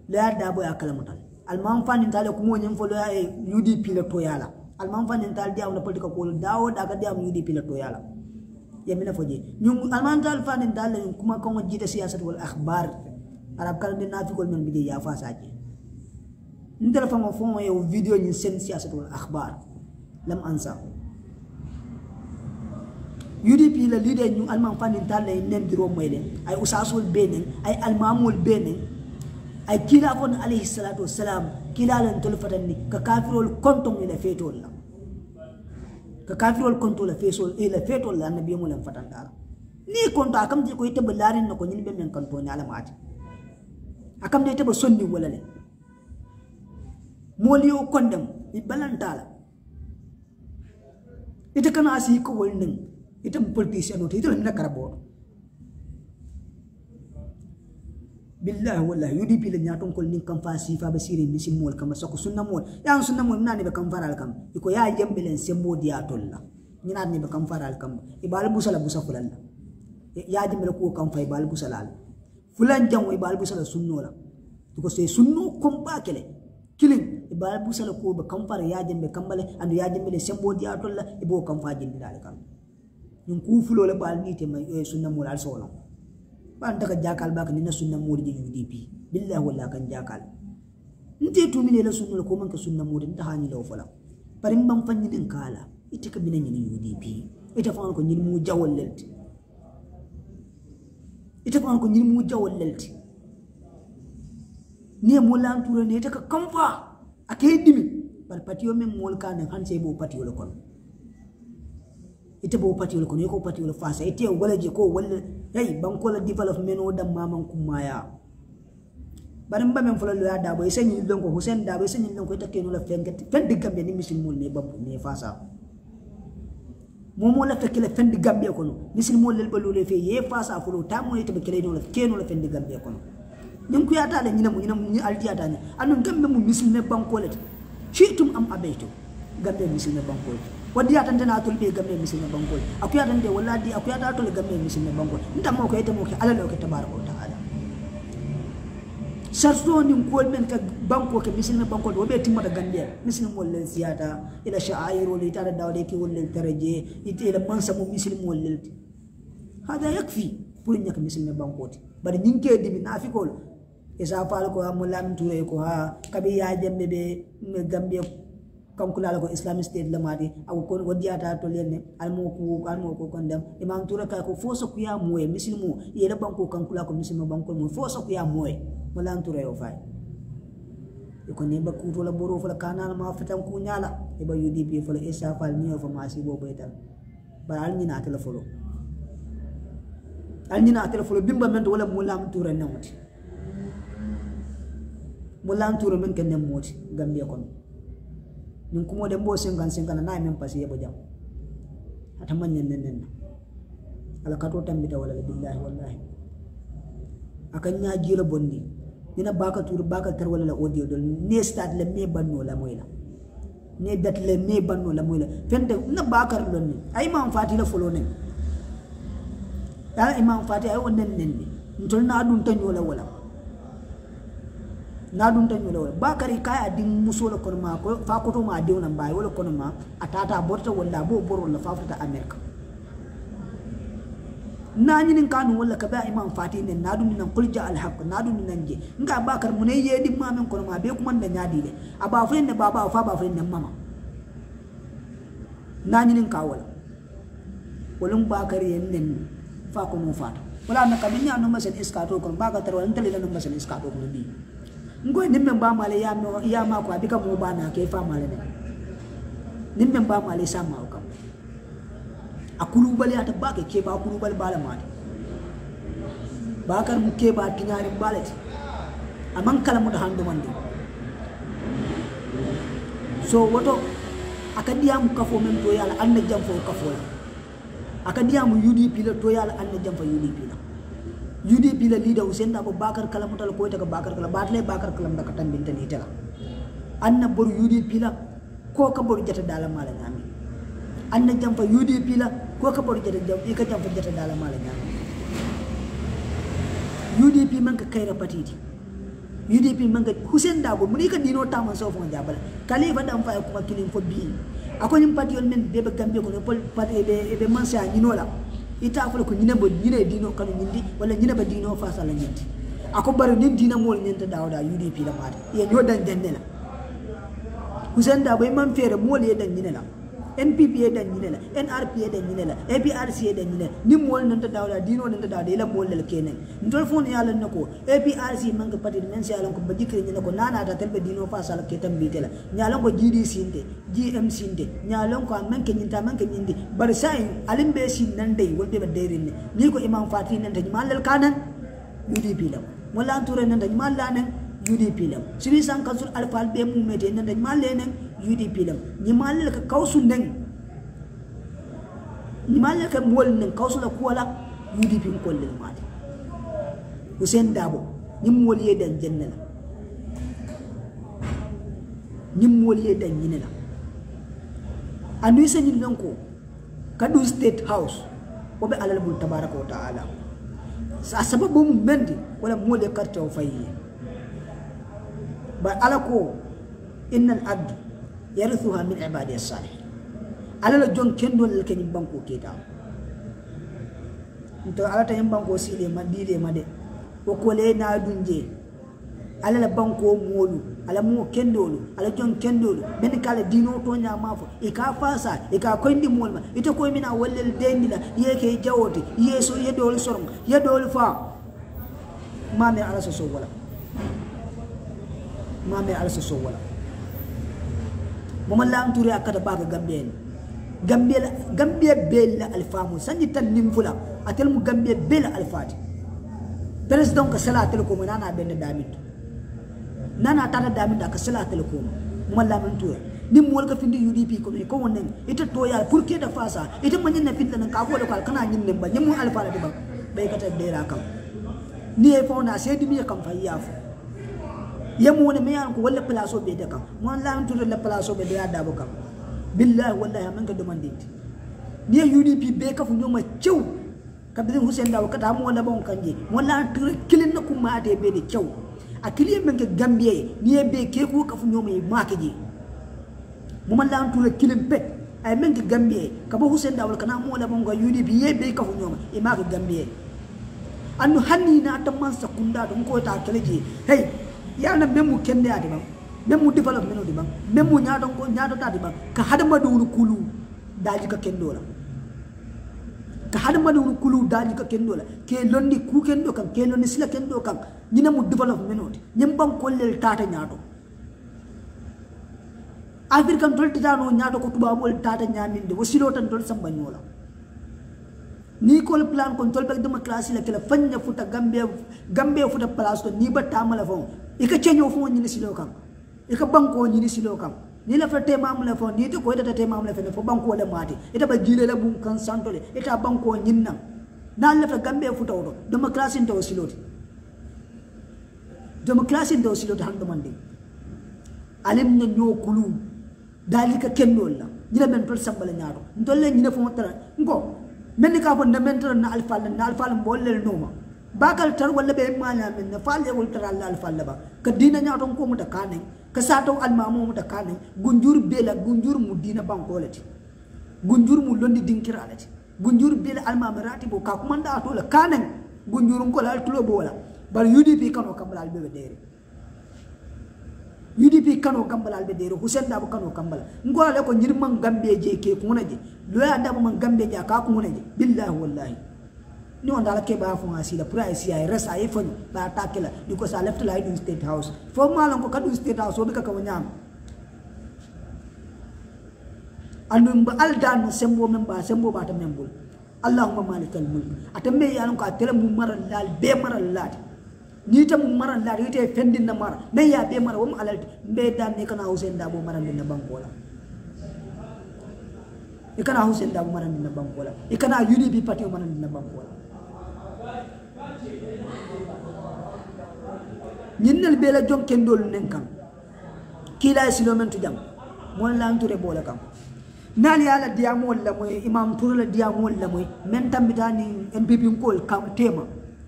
la da boy ya akala mutal alman fan tale kuma nyen folo ya e UDP la toyala. yala alman fanin tale dia wona politika ko dawo daga dia mu UDP la to yala ya mina foje nyum alman tal fanin tale kuma kan jita siyasat wal akhbar arab kala de nafikol men bije ya fa saje ndela famo famo yo e video nyen sen siyasat wal akhbar lam ansa UDP la leader ñu almam fanin dal lay nem di romay len ay usasul benen ay almamul benen ay kila fon alayhi salatu wassalam kila lan tul fatan ni ka kafirul konto ni la fetol la ka kafirul konto la fesol e eh, la fetol la nabi mu lan fatan dal ni konto akam je ko yitebe larin nako ñin ben men kanto ni alamati akam de yitebe sonni wala le mol yo kondem i balantala ita kana asi ko wol ni. Itong politician ito, ito nagkarabot. billah wala yudi pila nya ton kol nin kam fa si fa basiri mi sim mol kam so ko sunna mol ya sunna mol nani be kam faral kam iko ya jambelen se modi ya tolla nyina ni be kam faral kam ibal busala busa fulan ya jambel ko kam fa ibal busala fulan jam ibal busala sunno la to se sunno kom ba kele kilin ibal busala ko be kam far ya jambe kambale andu ya jambele se modi ya tolla ibo kam fa jindira kam ñun ku fulo le baal eh, ni te may e sunna mo al solo ban daga jakal bak ni na sunna mo di UDP billahi wala kan jakal nte to mine la sunna ko man ka sunna mo din ta hani law fala bari ban fanni din kala ita ka binan ni UDP ite fa ko ni mu jawal lelti ite fa ko ni mu jawal lelti ne mo lan tura ne ta ka kamfa akai dimi par patiyo men mol kan han sai bo patiyo le kono ita bo pati wol kono ko pati wol fasa ite wala je ko wala hey banko la development o dam maman kumaya bari mba men fulo ya dabo ise nyi lonko husen dabo ise nyi lonko ite kenu la fengati fendi gambia ni misil mul ne babu ne fasa momo la fekile fendi gambia kono misil mul le balu le fe ye fasa fulo tamo ite be kele no la kenu la fendi gambia kono nin ku yata da nyina mu nyina mu ni aldiya da ne anun gambe mu misil ne banko le shi tum am abeto gambe misil ne banko le waddi atan tana tul be gamme misilme bangol aku atan de walla di aku atan tul gamme misilme bangol nta mo ko yete mo ke ala loke tabaraka taala sharto ala kol men ka banko ke misilme bangol wobe timmata gambia misilme wol len siyata ila sha'air wol ita da dawle ke wol taraje ite ila mansa mo misilme wol len hada yakfi pour nyaka misilme ta bari nyinke dibi nafikol isa fal ko amulam ture ko ha kabi ya jami be gambe. كم كل على إسلام ستيت لماري أو كل ودي أتا تولين ألمو كو ألمو كو كندم إمام تورا كاكو فوسو كيا موي مسلم مو يلا بانكو كم كل على مسلم بانكو مو فوسو كيا موي ملان تورا يوفاي يكون يبقى كوتو لا برو فلا كانا ما فتام كونيا لا يبقى يودي بي فلا إيشا فال ميو فماسي بو بيتال بعالني ناتل فلو ألني ناتل فلو بيمبا من دولا ملام تورا نموت ملام تورا من كنموت غامبيا كونيا nung kumoɗe mbo cinquante cinquante nayi min pasi yeɓo ya jaam hata mañanden nen ala kato tambita walala billahi wallahi akan ña jiila bonni dina baka tur baka tar walala odio dol ne stat le me banno la moyla ne dat le me banno la moyla fende na bakar lon ni ay imam fati la folo nen ta imam fati ay onnen nen ni ntol na dun tanyo la wala Na ba kare kai bakari din muso musolo kono ma ko to ma de wona bay wala kono ma atata borta wala bo la wala fafuta america nani nin kanu wala ka ba imam fati ne dun nan kulja al haqq dun nan je nga bakar mun ye di min kono ma be kuma nan nyadi a aba fen ne baba fa ba fen ne mama Na nani nin wala, ba kar yen nen fa ko mu fa wala na ya no masal iskato kon wala tarwa ntalila no masal iskato kon bi ngwe nimemba male ya ya ma kwa bika mo bana ke fa male ne nimemba sa ma ka akuru bale ata ba ke ba akuru bale bala ma ba kar mu ke ba tinari ti amang kala mu da hando mande so woto akadiya mu kafo mem to yala anna jam fo kafo la akadiya mu UDP la to yala anna jam fo UDP UDP la leader Hussein aku kalam utal ko ta Bakar kala batle Bakar kala da katan binta ni tala anna bor UDP la ko ka bor jata dala mala nyami anna jamfa UDP la ko ka bor jata jam ika jamfa jata dala mala nyami UDP man ka kaira patiti UDP man ka Hussein Dabo mun ka dino taman so fon jabal Kali ba dan fa kuma kilin fo bi akwai nim patiyol men be be gambe ko ne pol pat e be e be man sa ita afula ko nyina bo nyina e dino kanu ñindi wala ñine ba dino fasala nyindi ako bari ni dina mol nyenta dawda udp la maata ye ño dan jande la da bay man fere mol ye dan nyina la NPPA dañinela NRPA dañinela APRCA dañinela ni mol nanta dawla dino nanta dawda ila mol lel kenen ndol fon yalla nako APRC manka patir men si ko badikre ni ko nana ta telbe dino fa sal ke tam bitela nyalon ko GD sinde GM sinde nyalon ko manke nyinta manke nyindi bar sai alimbe sin nan dai wolbe be dairin ni ko imam fati nan tan malal kanan UDP law wala anture nan tan malal nan UDP law sibi san kansul alfal be mu mete nan tan malal nan UDP lam nyimal ka kausun neng nyimal ka mol neng kausun la Yudi UDP ko le mali Hussein Dabo nim mol ye dan jenna la nim mol ye dan anu ko kadu state house obe alal bul tabaraka wa taala sa sababu mendi wala mol ye karta fayi ba alako innal abdu yarithuha min ibadihi salihin ala la jon kendo le ke banko ke ta to ala ta banko si le mandi le made ko le na dunje ala la banko molu ala mo kendolu ala jon kendolu men kala dino to nya mafo e ka fasa e ka kondi molma ita ko mina wallel dendila ye ke jawoti yeso ye dol sorum ye fa mame ala so wala mame ala so wala momalla an turi kada baga gambien gambie gambia bela alfamu sanji tan nimfula atel mu gambie bel alfati president ka sala atel ko nana ben damit nana tata damit ka sala atel ko momalla man turi nim mol ka findi UDP ko ko wonen ita toya pour ke da fasa ita manyen na fitna nan ka ko da kana nyin nemba nyimu alfala de ba bai kata dera kam ni e fona sai dimi kam fa yafu mai yanku wala plaso bai place o ɓeyde kam mon lamtutolle place o ɓeyde yaddabo kam billahi wallahi amin ka demandede ndiye udp be kafo ñoma cew kabdin hussein daw kata mo wala ɓon kanje mon lamtore kilinna bai ɓeyde cew a kiliye men ke gambie niye be keku kafo ñoma e maake je moman lamtore kilin pet ay men ke ka bi hussein dawol kana mo wala ɓon ka udp ye be kafo ñoma e maake gambie andu hanni na man sakunda ko ta keleje hey yalla même mu kende adi bam même development odi bam memu mu nyaado ko nyaado tadi bam ka hadama dulu kulu daji ka kendo la ka hadama dulu kulu daji ka kendo la ke londi ku kendo kan ke londi sila kendo kan nyina mu development odi nyem bam ta lel tata nyaado african tol no nyaado ko tubabol tata nyaminde wasilo tan tol sambanyola ni kol plan kon tol bek dama classe la kala fanya futa gambe gambe futa place to ni batta mala fon ika chenyo fu nyini silo kam ika banko nyini silo kam ni la fete mam la fo ni to ko ita te mam la fe fo banko la mati ita ba jile la bun kan santole ita banko nyinna na la fe gambe fu tawdo dama class in silo siloti dama class in taw siloti hande mande alim na nyo kulu dalika kenno la ni la men pel sambala nyaado ndolle ni ne fo tara ngo men ka fo na men tara na alfa na alfa mbolle no ma bakal tar wala be manya min na falle wul tar Allah al falle ba ka dina nya ton ko muta kanai ka sato al mamu muta kanai gunjur la gunjur mu dina bankolati gunjur mu londi kira alati gunjur la al mamarati bo ka kuma nda to la kanai gunjurun ko la tulo bo wala bar UDP kano kambal al be dere UDP kano kambal al be dere Hussein da kano kambal ngora le ko nyirman gambe je ke kuna je loya da man gambe je ka kuna je billahi wallahi ni on dala ke ba fo asi la pura asi ay res ay fo ba ta ke la ni ko left la dun state house fo malon ko kadun state house o be ka ko nyam andum ba al dan sembo memba sembo ba ta membul allahumma malikal mulk ya yalon ko atele mu maral dal be maral lati ni ta mu maral lati te fendin na me ya be mara wam alal be dan ne kana husen da bo maral na bankola ikana husen da bo maral na bankola ikana yuni bi pati maral na bankola ñinnel bela jonken dol nen kan kila e silo men tujam mon la anture bola kan nal yala diamo wala moy imam turla diamo wala moy men tambita ni mbibi ngol kam tema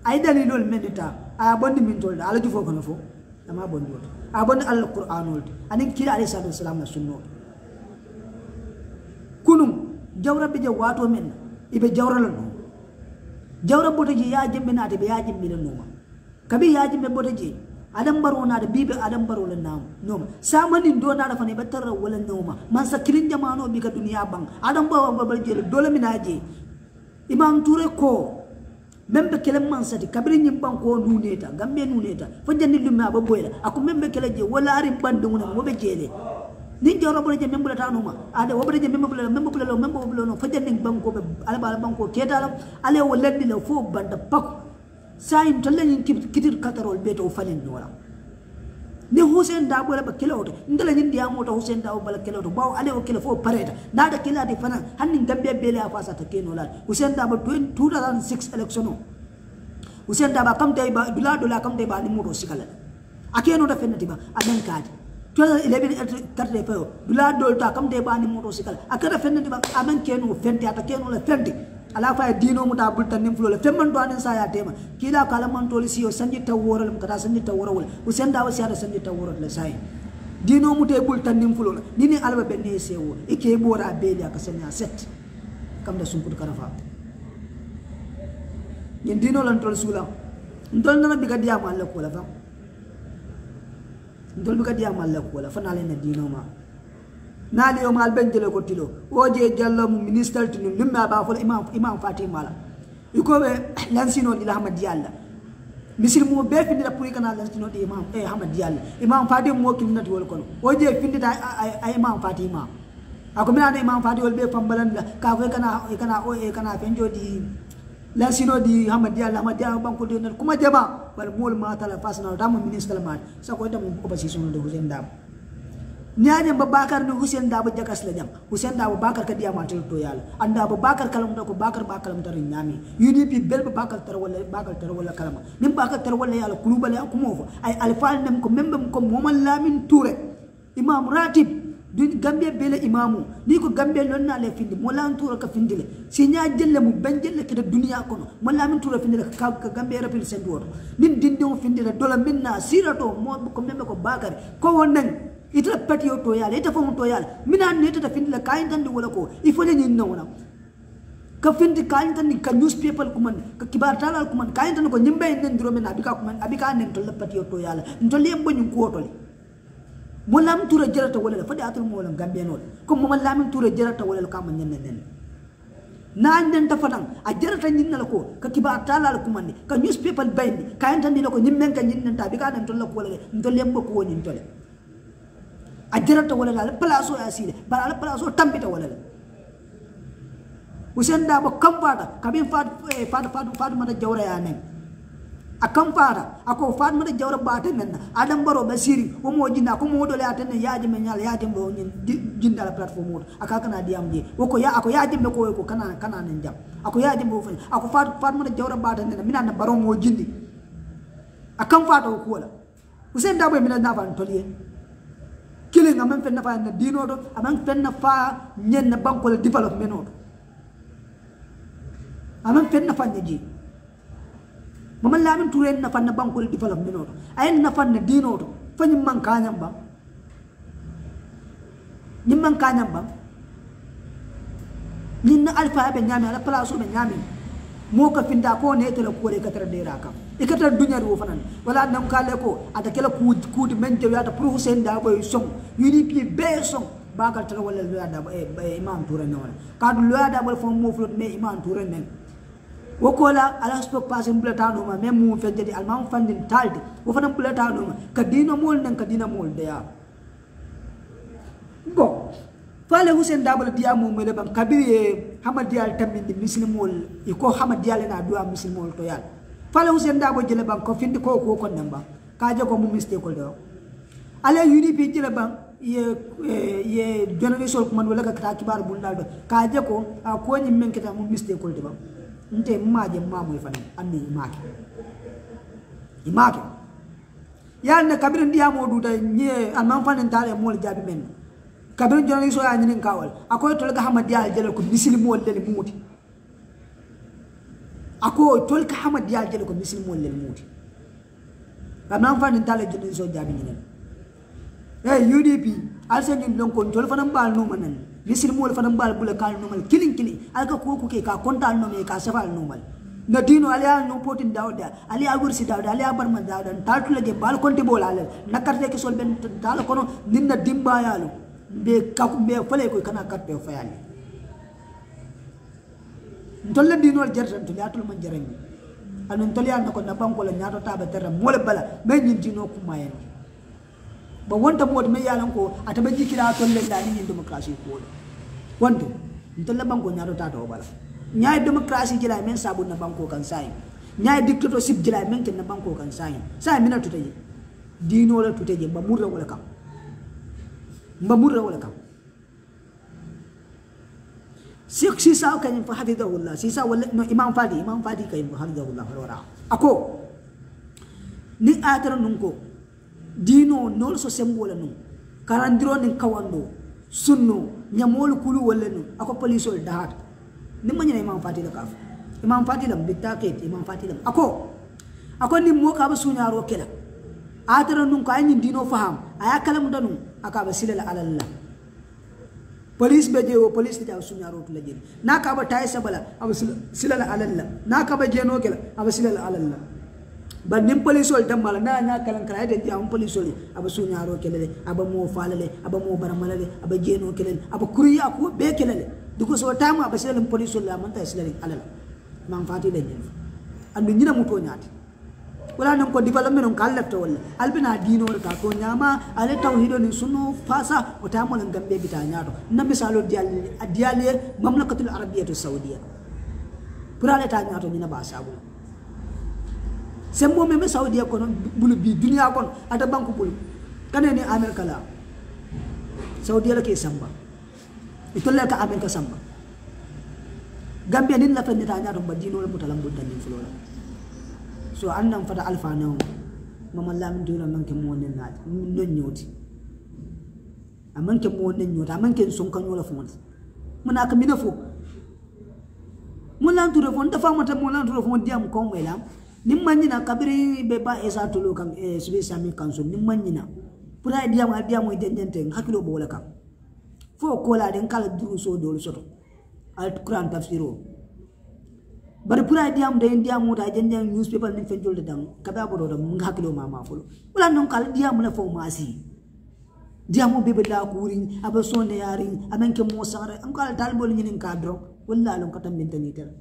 ay dalilol menita a bondi min tolda ala jufo kono fo ama bondi woto a bondi allah qur'anol anin kila alayhi salatu wassalam na sunnol kunum jawra be je wato men ibe jawra la non jawra botoji ya jimbe ɓe yajimɓinannoma kabi yajimɓe botoje aɗan adam baro biɓe aɗan no ma noma samanin do na fana ɓe tarra wala noma man sakkirin bi ka duniya ban adam baro ba babal jeele dole minaje imam toure ko membe kelam man man sati kabri ñim ban ko nuneta gamɓe nuneta fo janni lumme aɓa boyla ako même ɓe kele je wala arin mo be jele. nin joro bole je membula tanu ma ade wo bole je membula membula lo membula lo fajan ning banko be ala bala banko ketalam ala wo laddi lo fo banda pak sayin to lanin kitir katarol be to fanin wala ni Hussein da bole ba kiloto ndala nin dia mota Hussein da bala kiloto bawo ale wo kilo fo pareta da da kila di fana hannin gambe bele a fasa ta keno la Hussein da ba 2006 electiono Hussein da ba kam dai ba dula dula kam dai ba ni moto sikala akeno da fenati ba adan kaji tole elebi tarte feo dula dolta kam de bani motosikal akara fende diba amen kenu fente ata kenu le fente ala fa dino muta bulta nim fulo le femman do anen saya tema kila kala man toli siyo sanji taworal kata sanji taworal usen dawa siya sanji taworal le sai dino muta bulta nim fulo le nini alba benne sewo ike bora beli akasanya set kam da sumput karafa yen dino lan tol sula ntol nana biga diama le ko la fam dol buga diam Allah ko la fana len dino ma nali o mal ben jele ko tilo o je jallo mu minister tinu lumma ba fo imam imam fatima la iko be lansino ila hamad yalla misil mo be findi la pour kana lansino di imam e eh, hamad yalla imam fatima mo kin nati wol kono o je findi da ay imam fatima Aku mina da imam fatima wol be pambalan la ka fo e kana e kana o e kana fenjo di lansino di hamad yalla hamad yalla banko de kuma jama walmol mata la fas na damu minister mat sa ko damu opposition do Hussein Dabo nyaade babakar do Hussein Dabo jakas la jam Hussein Dabo bakar kadi ma to yalla anda babakar kalam do ko bakar bakalam tar nyami UDP bel babakar tar wala bakar tar wala kalama nim bakar tar wala yalla kulubale akumo ay alfal nem ko membe ko momal lamin toure imam ratib dun gambia bele imamu ni ko gambia non le findi mo lan tura ka findi le sinya jelle mu ben jelle ke dunya kono mo la min tura findi le ka ka gambia rapil sen do nin o findi le dola minna sirato mo ko meme ko bakari ko wonnen itla pati yo toyala ita fomu toyala mina ne da findi le kayin tan di wala ko ifole ni nona ka findi kayin tan ka newspaper ko man ka kibar talal ko man kayin tan ko nyimbe nen dro abika ko man abika nen to la pati yo toyala ntole yembo nyu ko molam lam tura jarata wala fa da mo lam kum ko mo lam tura jarata wala ka man nyen nen na anden ta fadan a jarata nyin na ko ka kiba tala ko manni ka newspaper bayni ka yanta ni ko nyimmen ka nyin ta bi ka dan tolla ko wala ndolle mbo ko woni tolle a jarata wala la place o asile bara la place o tambita wala la usen da bo kam fada kabin fat fat fat mana mata jawra ya nen akan fara ako fat da jawra ta nan adam baro basiri o mo jinda ko mo dole ta ya ji men yal ya ji bo nyin jinda la platform mo aka kana diam je ko ya ako yaji me ko ko kana kana nan jam ako ya ji bo fa ako fa fat mata jawra ta nan mina na baro mo jindi akan fata ko wala usen da bai mina na ban toliye kile ngam men fenna fa na dino do aman fenna fa nyen na banko le development o aman fenna fa nyi mama lamin tour en nafanna bankol di falam minoto ayen nafanna dinoto fanyim man kanyam ba nyim man kanyam ba nyin na alfa be nyami ala place be nyami mo ka finda ko ne tele ko le katra de rakam e katra dunyar wo fanan wala nam kale ko ata kala ku ku di men te yata pro hussein da ko yom yidi pi be som bakal tele wala lo da ba imam tour en non ka lo da ba fo mo flot me imam tour en non wokola ala stok pase mbulata ɗoma même mum fejdede alman fandin talde wo fana mbulata ɗoma ka dina mol nan ka dina mol deya bon fale husen dabala diya mumele ɓam kabiri e eh, hama diyal tamminde muslimol iko hama diyalena duwa muslimol to yal fale husen dabo jele ɓam ko finde ko ko kon nan ɓam kaje ko mu mistake ɗo ala udp jele ɓam ye eh, ye journaliste ol kuman wala ka kibar bulnal ɗo kaje ko a koñim men keta mu mistake ol de nte mmaje mmamu ifani anne imake imake yanne kabiri ndiya moduta nye anman fane ntale mol jabi men kabiru jona iso ya nyinin kawal akoy Hama Diya aljele ko misili mol lel muti akoy Hama Diya aljele ko misili mol lel muti anman fane ntale jona iso jabi nyinen eh udp alsen ndon kon tol fana mbal no manan misil mol fana mbal bula kal no kilin kilin alka ko ko ke ka konta no me ka safal no na dino aliya no potin dawda aliya gursi dawda aliya barman dawda tatu lage bal konti bolal nakarde ke sol ben dal kono ninna dimba yalu be kaku be fale ko kana katbe fayali ntolle dino jartan to yatul man jarani anon tole an ko na banko la nyaato taba terra mole bala me nyintino kuma yen ba wonta mod me yalan ko atabe jikira tolle dani ni demokrasi ko wantu la banko nyaado tato bala nyaay demokrasi jila men sabu na banko kan sai nyaay dictatorship jila men ken na banko kan sai sai mina tutaje dino la tutaje ba murra wala kam ba murra wala kam sik sa kan fa si sisa wala no imam fadi imam fadi kan fa hafidahullah wala ako ni atara nun ko dino nol so sembola nun karandiro nin kawando sunno Nyamol kulu wala nu ako polisol dahat nima ñene imam fatilam kaf imam fatilam bitaqit imam fatilam ako ako ni mo ka ba suñaro kela atara nun ko ayin dino faham aya kalam danu aka ba silala alalla police be jewo police ta suñaro kula jeni na ka ba tay sabala aba silala alalla na ka ba jeno kela aba silala But nim polisi olu tɛ maa n'a y'a kalan kalan de an polisi olu a bɛ sun yaarɔ kɛlɛ dɛ a bɛ mɔɔ faale dɛ a bɛ mɔɔ baramala dɛ ko bɛɛ kɛlɛ dɛ dugu sɔrɔ taama a bɛ polisi olu la a man ta sira nin ala la man fati da ɲɛfɛ a bɛ mu t'o ɲaati wala nan ko development ko Allah to wala albina dino ta to nyama ale tawhido ni fasa o ta mon gambe bita nyaado na misalo dial dial mamlakatul saudiya pura le ta nyaato ni na ba sabu sembo meme saudiya konon bulu bi dunia kono ata banku bulu kane ni amerika la Saudi la ke samba itolle ka amerika samba gambia nin la fa nita nyaado ba dino la mutalam bu tan fulo la so annam fata alfa naw mama lam dina manke mo ne naati nyoti amanke ah, mo ne nyota amanke ah, son kanyo la fonti muna ka mina fo mun lan ture fon dafa mata mun lan ture fon diam ko melam na kabiri be ba esa tulu kan e sibi sami kanso na pura diam adiam ide nyente hakilo bola kan fo kola den kala duru so dol soto al quran tafsiro bari pura diam de diam muta jenjang newspaper ni fen jolde dam kada bodo dam hakilo mama fulo wala non kala diam la fo masi diam be be la kurin abe sonne yarin amen ke mo sare am kala dal bol nyin ka wala lon katam mentani tere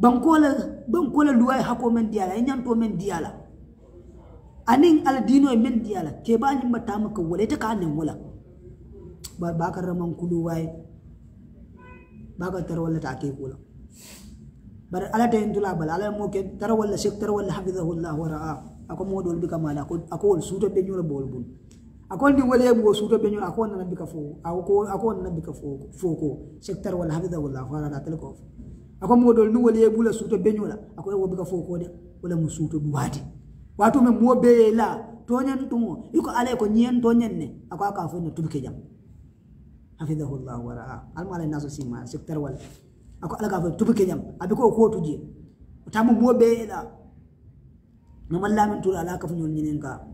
bankola bankola luwa hako men diala inyan to men diala anin aldino e men diala ke ba ni mata maka wale ta kanin wala ba ba karaman kulu waye ba ka tarwala ta ke kula bar ala ta yin tula bal ala mo ke tarwala shek tarwala hafizahullah wa ra'a ah, ako mo dol bika mala ko ako wal suto be nyura bol bun ako ndi wala mo suto be nyura ako na bika fo ako ako na bika fo fo ko shek tarwala hafizahullah wa ra'a talko ako moɗol nu wole ɓula suto benyola ako e wobika foko de wala mu suto duwati wato me mo beye la toñen tumo iko ale ko ñiyen toñen ne ako aka fo ne tubike jam hafidahu llahu wa raa alma alay naso sima sektar wal ako ala ka fo tubike jam abi ko kotuje tamo mo beye la min tura ala kafuñol ñinen ka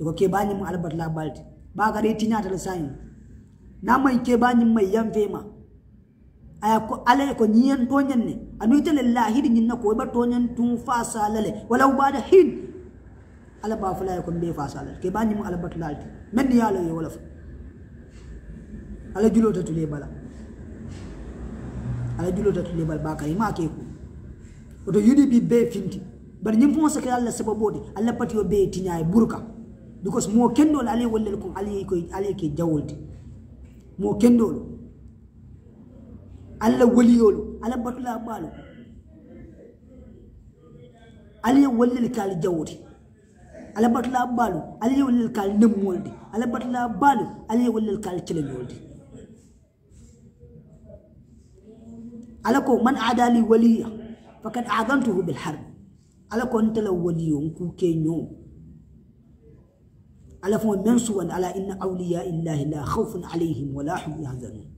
iko kebañimo alabatla balti ɓa kadi tiñatala sayin namayi kebañim mai yam ma? aya ko alay ko nyen to nyen nyanne anu tele la hidi nyen ko ba to nyen tun fa salale wala ba da hin ala ba fala ko be fa salale ke banyi mu ala bat batlalti men ya la wala fa ala julo julota tule bala ala julo julota tule bal ba ka ima ke ko to oto bi be finti bari nyim fon sakala alla sababodi alla patio be tinyaay burka because mo kendol ale wallel ko ale ko ale ke jawolti mo kendol alla waliyolu alla batula balu aliye wallil kal jawdi ala batla balu aliye wallil kal nemoldi ala batla balu aliye wallil kal cilanyoldi ala ko man adali waliya fakad adantuhu bil harb ala ko ntala waliyo ku kenyo ala fo men suwan ala inna awliya illahi la khawfun alayhim wa la hum yahzanun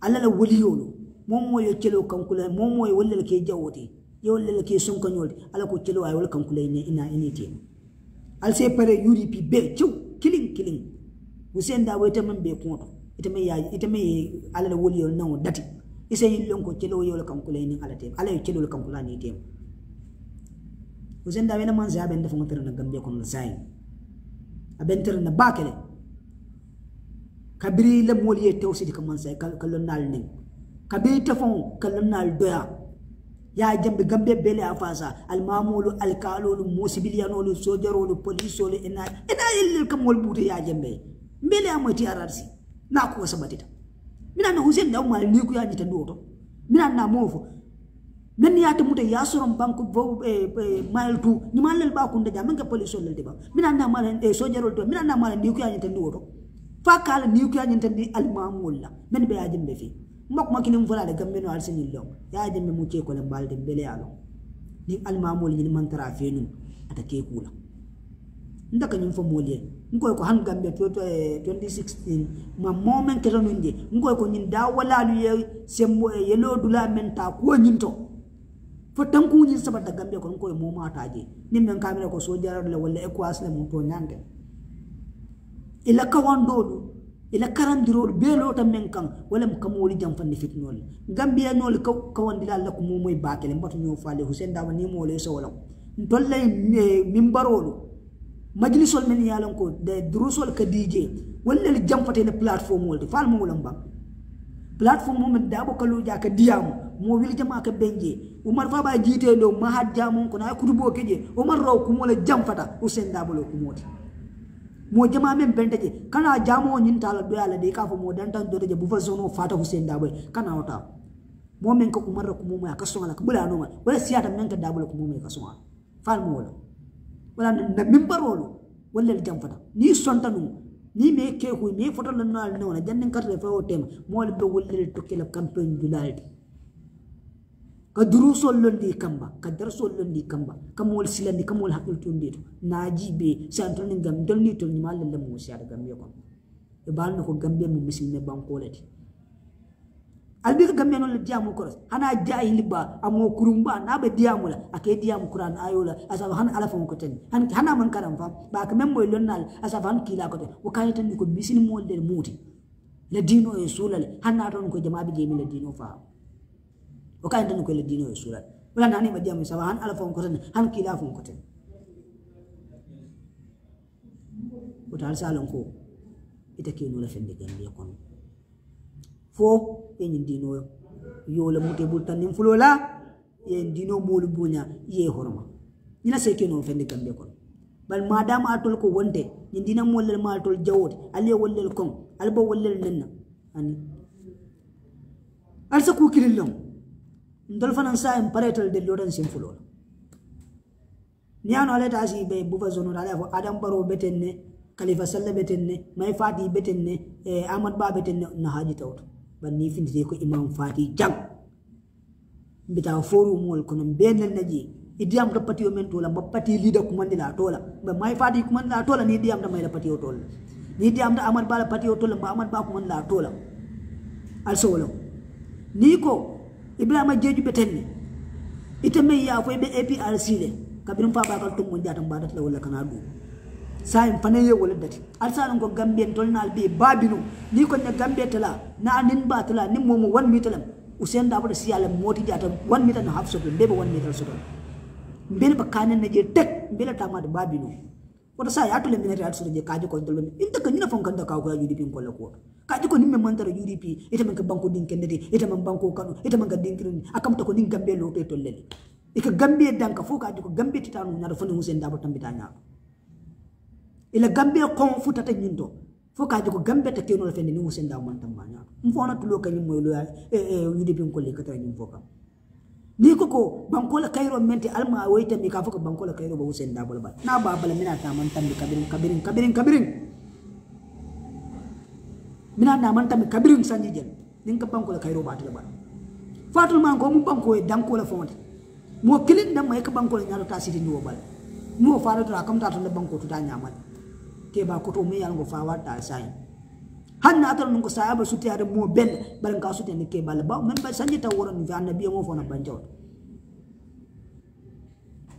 alala waliyolu momo yo kelo kankula momo yo wallal ke jawote yo wallal ke sun kanyol ala ko kelo ay wal kankula ne ina ine al se pare pi be ciu kiling kilin Hussein da wete man be kunto ita mai yayi ita mai alala waliyolu nan dati isa yin ko kelo yo wal kankula ne ala te ala yo kelo kankula ne te Hussein da wena na man zaben da fon tare na gambe kon sai abentar na bakale kabiri le mol yete tew di kaman sai kallon nal ni kabiri te tafon kallon nal doya ya jambi gambe bele afasa al mamulu al kalulu lu sojarolu polisolu ina ina yille kamol bute ya jambe mbele amati ararsi na ko sabatita mina na husen daw mal ni ku ya nyita ndoto mina na mofo nan ya ta mutai ya suron banku bo mile 2 ni malal ba kun da jaman ka police lal de ba mina na mal e sojarol to mina na mal ni ku ya nyita doto fa ni kuya nyanta ni almamulla men be yajin be fi mak makinin fula da gambe no alsin illo yajin be muke kolen balde bele yalo ni almamul ni man tara fe nun ata ke kula ndaka nyum fo moliye ngoy ko han gambe to to 2016 ma moment keto nun je ngoy ko nyin da wala lu ye sembo eh, ye lodula men ta ko nyinto fo tan ku nyin sabata gambe ko ngoy mo mata je nim men kamera ko sojara la wala e ko asle to nyangal ila dodo ila karandirolu bee tam meŋ kan wala mo kam woli jam fanni fit ka gambia alla ko kawan dila la ko moy bakel mbatu ñoo faale husen dama ni moole sowola ko ntol lay mimbarolu majlisol men ye lon ko durusol ka dije walla le janfatele plateforme wolde faal mo wulam bam plateforme mumen kalu ja ka diam mo wili jama ka benje umar fa jite do mahad jamon ko na kutubo keje umar raw ko mo le jam fata kumola janfata lo ko moti moojamaa benteje kana jamoo nyin tala do ala de ka fo modan tan do de bufa zono fata Hussein Dabo kana wata mo men ko umarra ko mo ya kaso ala ko bula no wala siyata men ka dabo ko mo me kaso ala fal mo wala wala na mimbar wala wala jam fata ni sontanu ni me ke ko me foto lan na wala jannin karta fa o tema mo le do wala to kala campaign julalti ka duruusol londi kamba ka darsol londi kamba kamowol silandi kamowol hakkiltundi to naaji be santolni gam dolni tol ñima lalla mo siyaata gambe kon e balno ko gambe mo misilme bankolati albi ka gambe noon la diyamu koros hana jahili ba amo kurumba na ɓe diyamula ake diyamu kuran ayola asafa han ala fon ko tani hana man karam fam ɓaka même moye lonnal asafa han kiila ko ten wo kaña tanni ko misilmol nder muuti la dino e suulale hanna toon ko jamaɓe jeemi la dino faam وكان دنو كل الدين والسورة ولا نحن مديا من سبعان ألفهم كتن هم كلافهم كتن وتعال سالهم كو إتكينو لفن دقان بيقون فو إن الدين يولا متبول تنم فلولا ين دينو بول بونا يه هرما نلا سيكينو فن دقان بيقون bal madama atol ko wonde ñin dina mollel ma atol jawot alle wollel kon alba wollel nanna ani alsa ku kilil lam ndolfa nan sa imperator de lodan sin fulo niano ta be bufa zono ale fo adam baro betenne khalifa sallallahu betenne may fati betenne e ahmad ba betenne na haji tawt ban ni de ko imam fati jang bita foru mol kono benel naji do pati o men tola ba pati lida kuma la tola ba may fati kuma la tola ni diam da may la o tola ni diam da ahmad ba la o tola ba ahmad ba kuma la tola al solo ni ko ibrahima jeju be tenni itemme ya fo be APRC le kabirin papa bakal tum mun jatan badat la wala kana du sayin fane ye wala dati alsalan ko gambe tolnal be babino ni ko ne gambe tala na nin ba tala ni momo wan mitalam usen da bada siyala moti jatan wan mitan na hafso be be wan mitan so mbele ba kanen ne je tek mbele ta ma da babino ko sa ya tole minati alsu je kaje ko dolbe inta ko ni na fon kan da ka ko ya judi bin ko la ko kaji ko nimme mantara udp ita man ka banko din kende de ita man banko kanu ita man ka dinkirin akam to ko gambe lope tolle lele ika gambe danka fo kaji ko gambe titanu nyaro fo ni musen ila gambe kon fu tata nyindo fo kaji ko gambe ta keno fende ni musen dabo man tamba nya mfo na ya e e udp ko le kata nyim foka ni banko la kairo mente alma waita mi ka fo ko banko la kairo ba musen dabo ba na ba bala mina ta man tambi kabirin kabirin kabirin kabirin mina na man tam kabirin sanji jen nin ka banko la kayro ba ba fatul man ko mu banko e danko la fonde mo kilin dan mai ka banko la nyaro ta siti ni wobal mo faara to akam ta to la banko to ta nyamal te ba ko to me yango fa wa ta sai na atar mun ko sahaba suti ada mo bel bal ka suti ni ke bal ba men ba sanji ta woron vi annabi mo fona banjo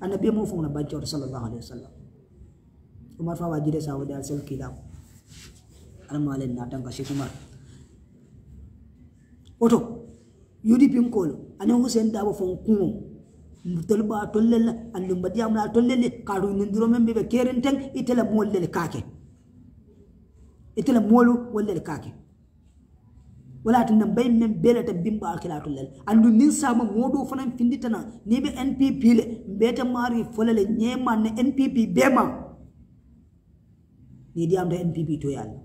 annabi mo fona banjo sallallahu alaihi wasallam umar fa wajide sa wada sel kilam na natan kashe kuma oto udp kolo anen husen dabo fon kumo tolba tollel andum badiyam na tollel karu nindiro men be keren tan itela mollel kake itela molu wallel kake wala tan nan bay men bela ta bimba akila tollel andu nin sa sama modo fanan finditana ni be npp le beta mari folale nyema ne npp ma ni diam da npp to yalla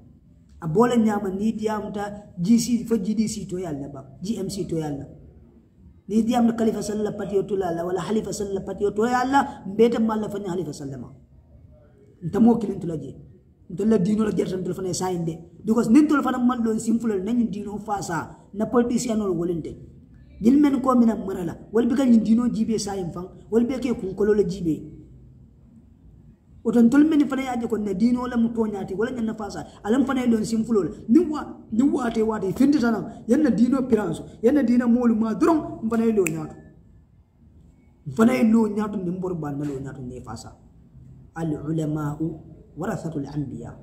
a bolen nyama ni ta GC fa GDC to yalla ba GMC to yalla ni na khalifa sallallahu alaihi wasallam la wala khalifa sallallahu wasallam to yalla mbete malla fanya khalifa sallama ntamo kilin to laje la dino la jertan to fane sainde because nin to na man don simple nan dino fasa na politician ol wolente dil men ko mina marala wal bi kan dino jibe sayim fan wal be ke kun kolola jibe وتن تلمي نفني أجي كون الدين ولا متوانياتي ولا جنة فاسا ألم فني لون سيمفلو نوا نوا أتي واتي فين تزانا ين الدين بيرانسو ين الدين مول ما درم فني لون يات فني لون يات نمبر بان لون يات نفاسا العلماء ورثة الأنبياء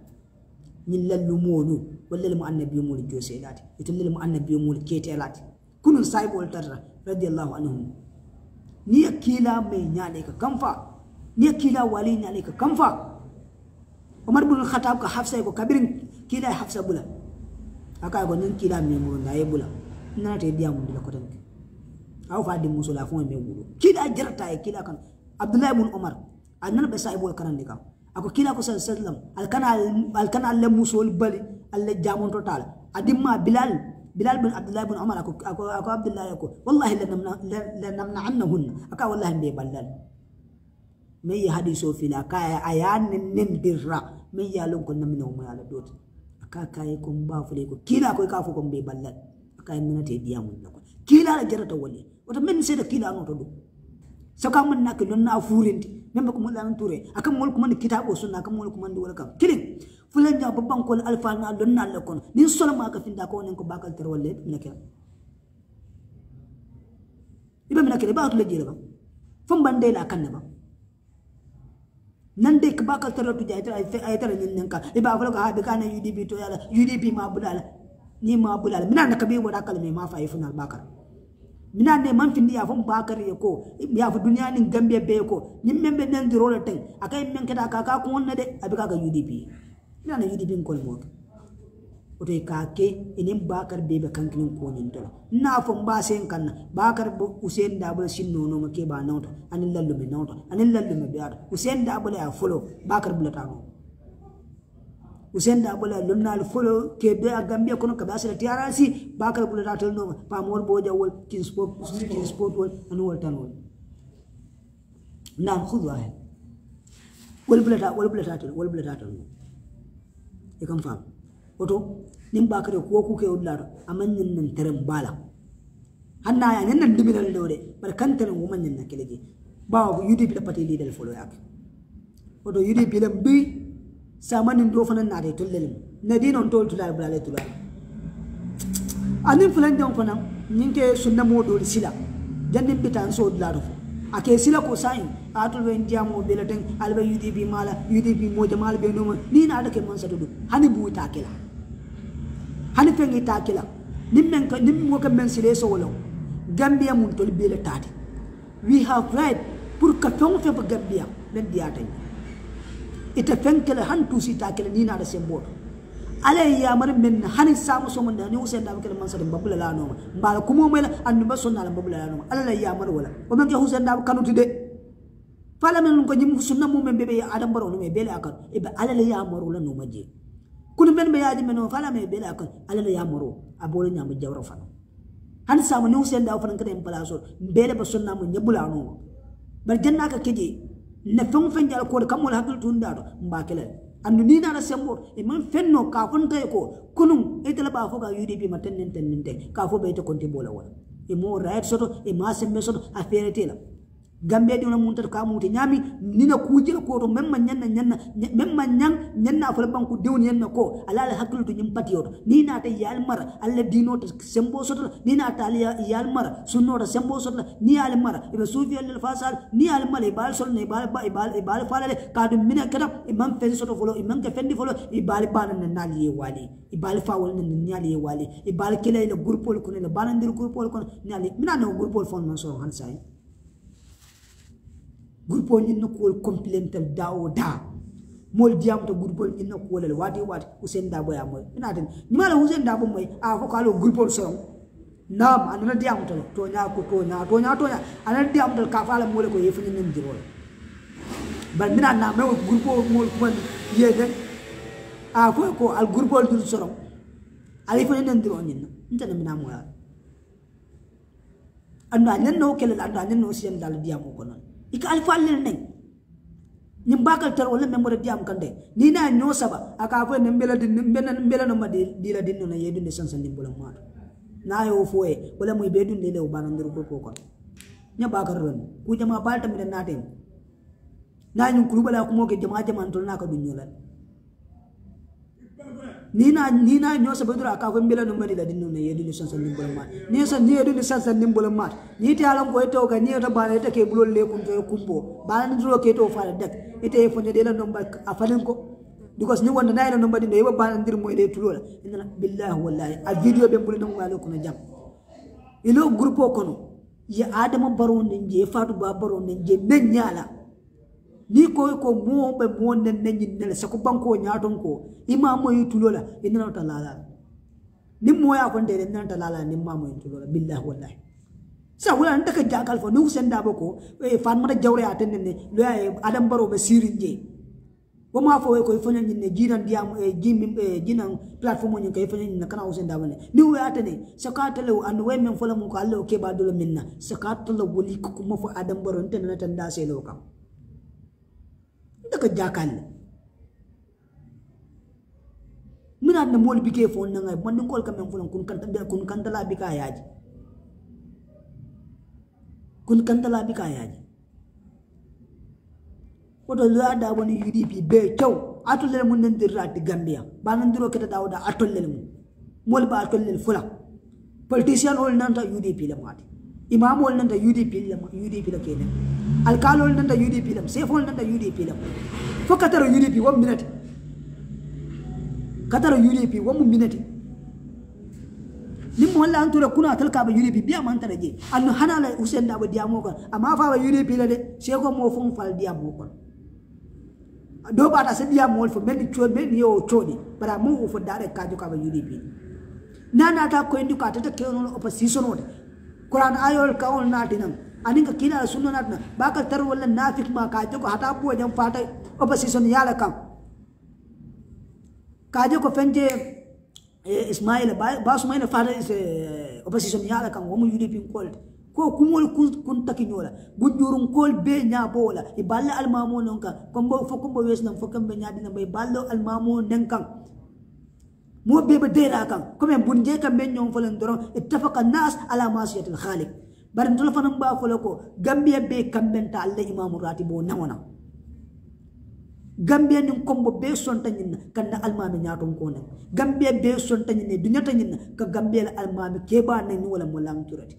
من للمون ولا لم أن النبي مول جوسيلات يتن لم أن النبي مول كيتيلات كن سايب ولتر رضي الله عنهم نيا كيلا مي نيا ليك كم لكلا ولينا عليك كم فا عمر بن الخطاب كحفصة يكو كبير كلا حفصة بلا أكا يكو نين كلا ميمون داي بلا نانا تيديا من دلا كتن أو فادي مسلا فون ميمون كلا جرتا كلا كان عبد الله بن عمر أنا بس أبو الكلام دكام أكو كلا كوسا سلم الكنا الكنا الله مسول بالي الله جامون توتال أديم ما بلال بلال بن عبد الله بن عمر اكو اكو, أكو عبد الله يكو والله لنمنعنهن اكا والله بلال min y'a haɗi so fila ka yi a ya nin birra min yi alin kun namina umar ka ka yi kun ba fule ko kila ko ka fu kun bai ballan a mun na kun kila jira ta wale wata min sai da kila an wata do so na ki nuna a furin ti min ba kuma lana ture a kan mulku man kita ko sunna kan mulku man da wala kan kilin fulan ya babban kun alfa na lunna la kun nin sulama ka fin da ko nin ko bakal tar wale min ka ibe min ka ba to le jira ba fum bandela kan ne ba nan dai ka baka tarar jaitar ai tara nan ka ba afro ka bika na UDP to yala UDP ma bulala ni ma bulala mina na kabe wada kalme ma fa ifuna bakar mina ne man findi ya fon bakar ya ko ya fu duniya nin gambe be ko nin membe nan dirole tan akai men da ka ka kun na de abika ka ga UDP mina na UDP ko mo oto kake inin bakar bebe kankin konin dola na fon ba sen kanna bakar bu usen da bula sin nono ke ba nauta anin lallu me nauta anin lallu me biya usen da bula ya folo bakar bula tano usen da bula lumna al folo ke be a gambia kono ka basira tiarasi bakar bula tato no pa mol boja wol kin sport kin sport wol an wol tan wol nan khudwa wol bula ta wol bula ta wol bula ta e kam fam woto nin ba kare ko ku ke ullar amannin nan tirin bala hanna ya nan nan dibilan lore barkantan woman nan na kelege ba wa UDP da pati leader follow yak woto UDP lan bi samanin do fanan na dai tullelin na dinon tol tular bulale tular anin fulan dan fanan ke sunna mo do sila jannin bitan so dularo a ke sila ko sai a to ben dia mo den alba udp mala udp mo mala be no ni na da ke man sa dudu hani bu ta kila hani ngi ta kila nim men ko nim mo ko men sile so wolo gambia mun to bela tati we have right pour ka tong fe gambia ben dia tan ita kila han tusi ta kila ni na da sembo alay yamar minna hani samu so mun da ni usain da bakal man sadin babula la no ba kuma mai annuba sunna la babula la no alay yamar wala o men ke usain da kanu tide fala men ko jim sunna mu men bebe adam baro no me bele akan ibe alay yamar wala no maje kun men be yaji men fala me bele akan alay yamaro abolo nyamu jawro fala han samu ni usain da fana kada en palaso bele ba sunna mu nyebula no bar janna ka keje na fɛn fɛn jara ko da kan hakili tun da ba kelen And ni na sembo e man fenno ka fonta ko kunun e tala ba fo ga UDP maten nen ten nen ka fo be to konti bola wala e mo right soto e ma sembe soto tela gambia gambee deemna muuntat kaa muute nyaami nina kuujira kooto memma nyanna nyanna memma nyang nyanna afala banku dewn yanna ko ala ala hakkilu to nyimpati yoto ni naata yaal mara alla diinoo ta sembo sotla ni naata ala yaal mara sunnoo ta sembo sotla ni yaal mara ibe suufi alla faasaal ni yaal ibal ibaal solna ibaal ba ibaal ibaal faalale kaadu mina kata iman fensi soto folo imam ke fendi folo ibal baana na naali wali ibal ibaal faawol na naali ye waali ibaal kila ila gurupol kono ila baanandir gurupol kono naali mina na gurupol fon man soro hansaye gurpol ñin nokkuwol compilental dawo da mol diyam to gurpol ñin nokkuwolal waati waati Hussein Dabo ya moy minaten ñimala Hussein Dabo moy a fo kalo gurpol sorong nam anana diyam to to nya ko to nya to nya to nya anana diyam to ka fala mole ko yefani nim dirol bal mina nam rewo gurpol mol ko yeden a ko ko al gurpol dul sorong ali fani nim dirol ñin ntana mina mo ya anda nyanno kelal anda nyanno siyam dal diyam ko non ika alfalil neng nim bakal tar wala memore diam kande ni na nyo saba aka fo nembela din nembela nembela no madi dila din no yedu de sansan dim bolam ma na yo fo e wala muy bedun lele o banan dur ko ko nya bakar ron ku jama balta mi na tem na nyu kulubala ko mo ke jama jama na ka dun nina nina nyosa bedura ka ko mbila no mari da no ne yedu san sansan nim bolma ni san ni yedu san sansan nim bolma ni ta alan ko eto ga ni ta bana ta ke bulol le kun to kumbo ba ne dro ke to fara da ita e fonde de la no mbak afalin ko because ni wanda nayi ila no mbadi no ba bana ndir mo de tulola inna billahi wallahi a video be bulin no ngalo kuna jam ilo grupo kono ya adama baro nin je fatu ba baro nin je ben nyala ni ko ko mo be mo nen ne ni ne se ko banko nyaaton ko imamo yi tulola inna na talala ni mo ya kon de nan na talala ni imamo yi tulola billahi wallahi sa wala nda ka jakal fo usen da boko e fan mata jawre aten ne lo ya e, adam baro be sirin je wo ma fo e, ko fo ni ne jinan mo e jimi e jinan platform ni kay fo ni na kana usen da bane ni wo atene sa ka talew an we men fo la mo ko allo ke ba do dole minna sa ka talew wali ko kuma fo adam baro nten na tan da se lo kam ndaka jakal mina na mol bike fon na ngai man ngol kam fon kun kan tabe kun kan tala bika aja. kun kan tala bika yaji wato za da wani UDP be Atul atolle mun nan dirra Gambia ba nan diro kita dawo da atolle mu mol ba atolle fula politician ol nan ta UDP la mati Imam U D UDP, U D പിയിലൊക്കെ ഇല്ല അൽക്കാലോളിനെന്താ U D പിയിലും സേഫോളിനെന്താ U D പിയിലും ഇപ്പോൾ Qatar U D P one minute Qatar U D P one minute nin tura kuna talka ba UDP biya man tara je annu hana la usen da diya mo kon amma fa ba UDP la de sai ko mo fon fal diya mo kon do ba ta sai diya mo fo men cho men yo cho ni bara mo fo da re ka jo ka ba UDP na na ta ko indi ka ta ta ke no opposition wata qur'an ayol kaul natinam anin ka kina sunna natna baka tar wala nafik ma ka ko hata bu jam fata opposition yala kam kaje ko fenje eh, ismail ba sumaila fata is eh, opposition yala kam wo mu udp called ko kumol kun nyola. gujjurum kol be nya bola. Iballa almamo non kan kombo fo kombo wesnam fo kamɓe ñadinam e ballo almamo kan mo beba dera kan comme bun je kam men ñom falen doron ittafaqa nas ala masiyatil khaliq bar ndol fanam ba folo ko gambia be kambenta alla imamu ratibo nawona gambia nin kombo be sonta na kanna almami nyaton ko ne gambia be sonta nyinne dunyata nyinna ka gambia almami keba ni wala mo lam turati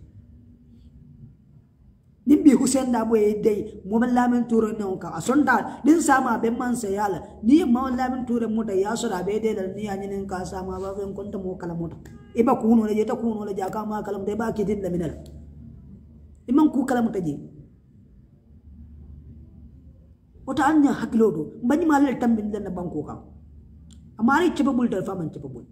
bi husain da boye dai mu lamin turo ne on ka asonda din sama be man se yala ni ma lamin turo mu da yasura be dai da ni ya nin ka sama ba ben kun ta mo kala mo iba kuno ne ta kuno ne ka ma kalam dai ba k'i din da minal imman ku kala ta je wata anya hakilo do ma lal tambin da na banko ka amari chebabul da faman chebabul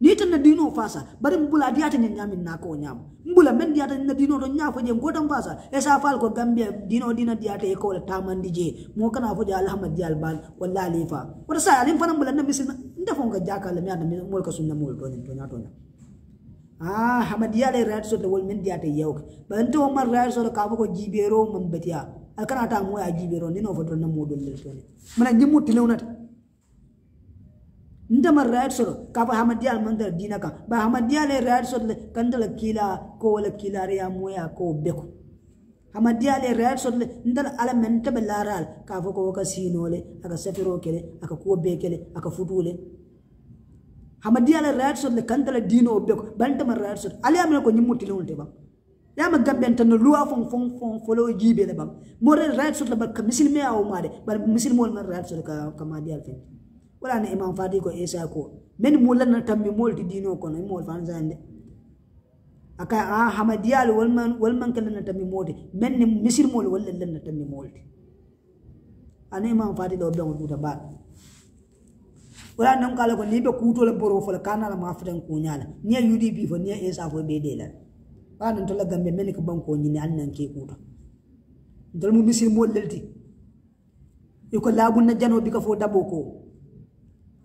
na dino fasa bari mbula diate nya nyami na ko nyam mbula men diate na dino do nya fo je godam fasa e sa fal ko gambia dino dina diate e ko ta mandi je mo kana fo je alhamd dial bal wallahi fa wala sa alim fanam mbula na misina nda fo ga jaka la mi adam mo ko sunna mo do to nya to nya ah hamadiya le rat so to wol men diate yaw ban to mar rat so ka ko jibero mambetiya alkana ta mo ya jibero ni no fo do na mo do le to ni mana jimu tilonata ndama raid soro kapa hamadiyal mandar dina ka ba hamadiyal e raid soro le kandala kila ko wala kila ya moya ko beko hamadiyal e raid soro le la ala menta belaral ka fo ko ka sinole aka safiro kele aka ko bekele aka futule hamadiyal e raid soro le kandala dino beko ma raid soro ala amna ko nyimuti le wonte ba ya ma gambe tan luwa fon fon fon folo jibe le ba mo raid soro le ba ka misilme awo ya made ba misilmo le raid soro ka kamadiyal fe wala na imam fadi ko isa ko men lan tan mi molti dino no mo fan zande aka a hamadiyal walman walman lan tan mi molti men ne misir mol wala tan mi molti ana imam fadi do don do ba wala non kala ko ni be kuto la boro fol kana la mafran ko nyala ni yudi bi fo ni isa fo e be de la wala non to la gambe men ko banko ni annan ke kuto dal mu misir mol delti, iko labun na jano bi ka fo dabo ko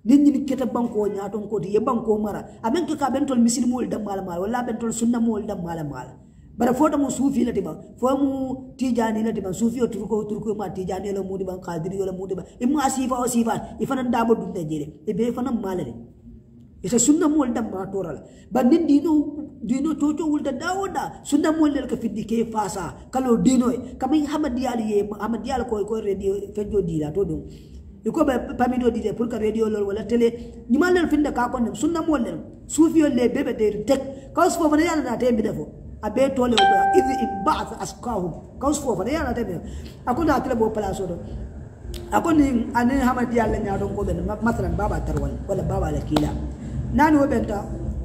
ni kete banko ñaaton ko ye banko mara amen ke ka bentol mool dam mala mala wala bentol sunna mool dam mala mala bara foto mu sufi la ba fo mu tijani la ba sufi o turko turko ma tijani la mudi qadir yo la mudi ba imma asifa o sifa ifana dabo dum jere e be fana malale ita sunna mool dam ma toral ba nin dino dino wul da dawda sunna mool le ka fiddi ke fasa kalo dino kamay hamadiyal ye hamadiyal ko ko radio di la to do iko pami do dide pour que reediolol walla télé len finde ka sunna mo len wollel yo le bebe de tek kaws fo fana yalla na tembe defo a be tole o ɗoa id asqahu ka kaws fo fana yalla na tembe a da tele bo place o ɗo a koni anin hamadi allah ko ben masalan baba tarwal wala baba ala kiila nani wo ɓen ta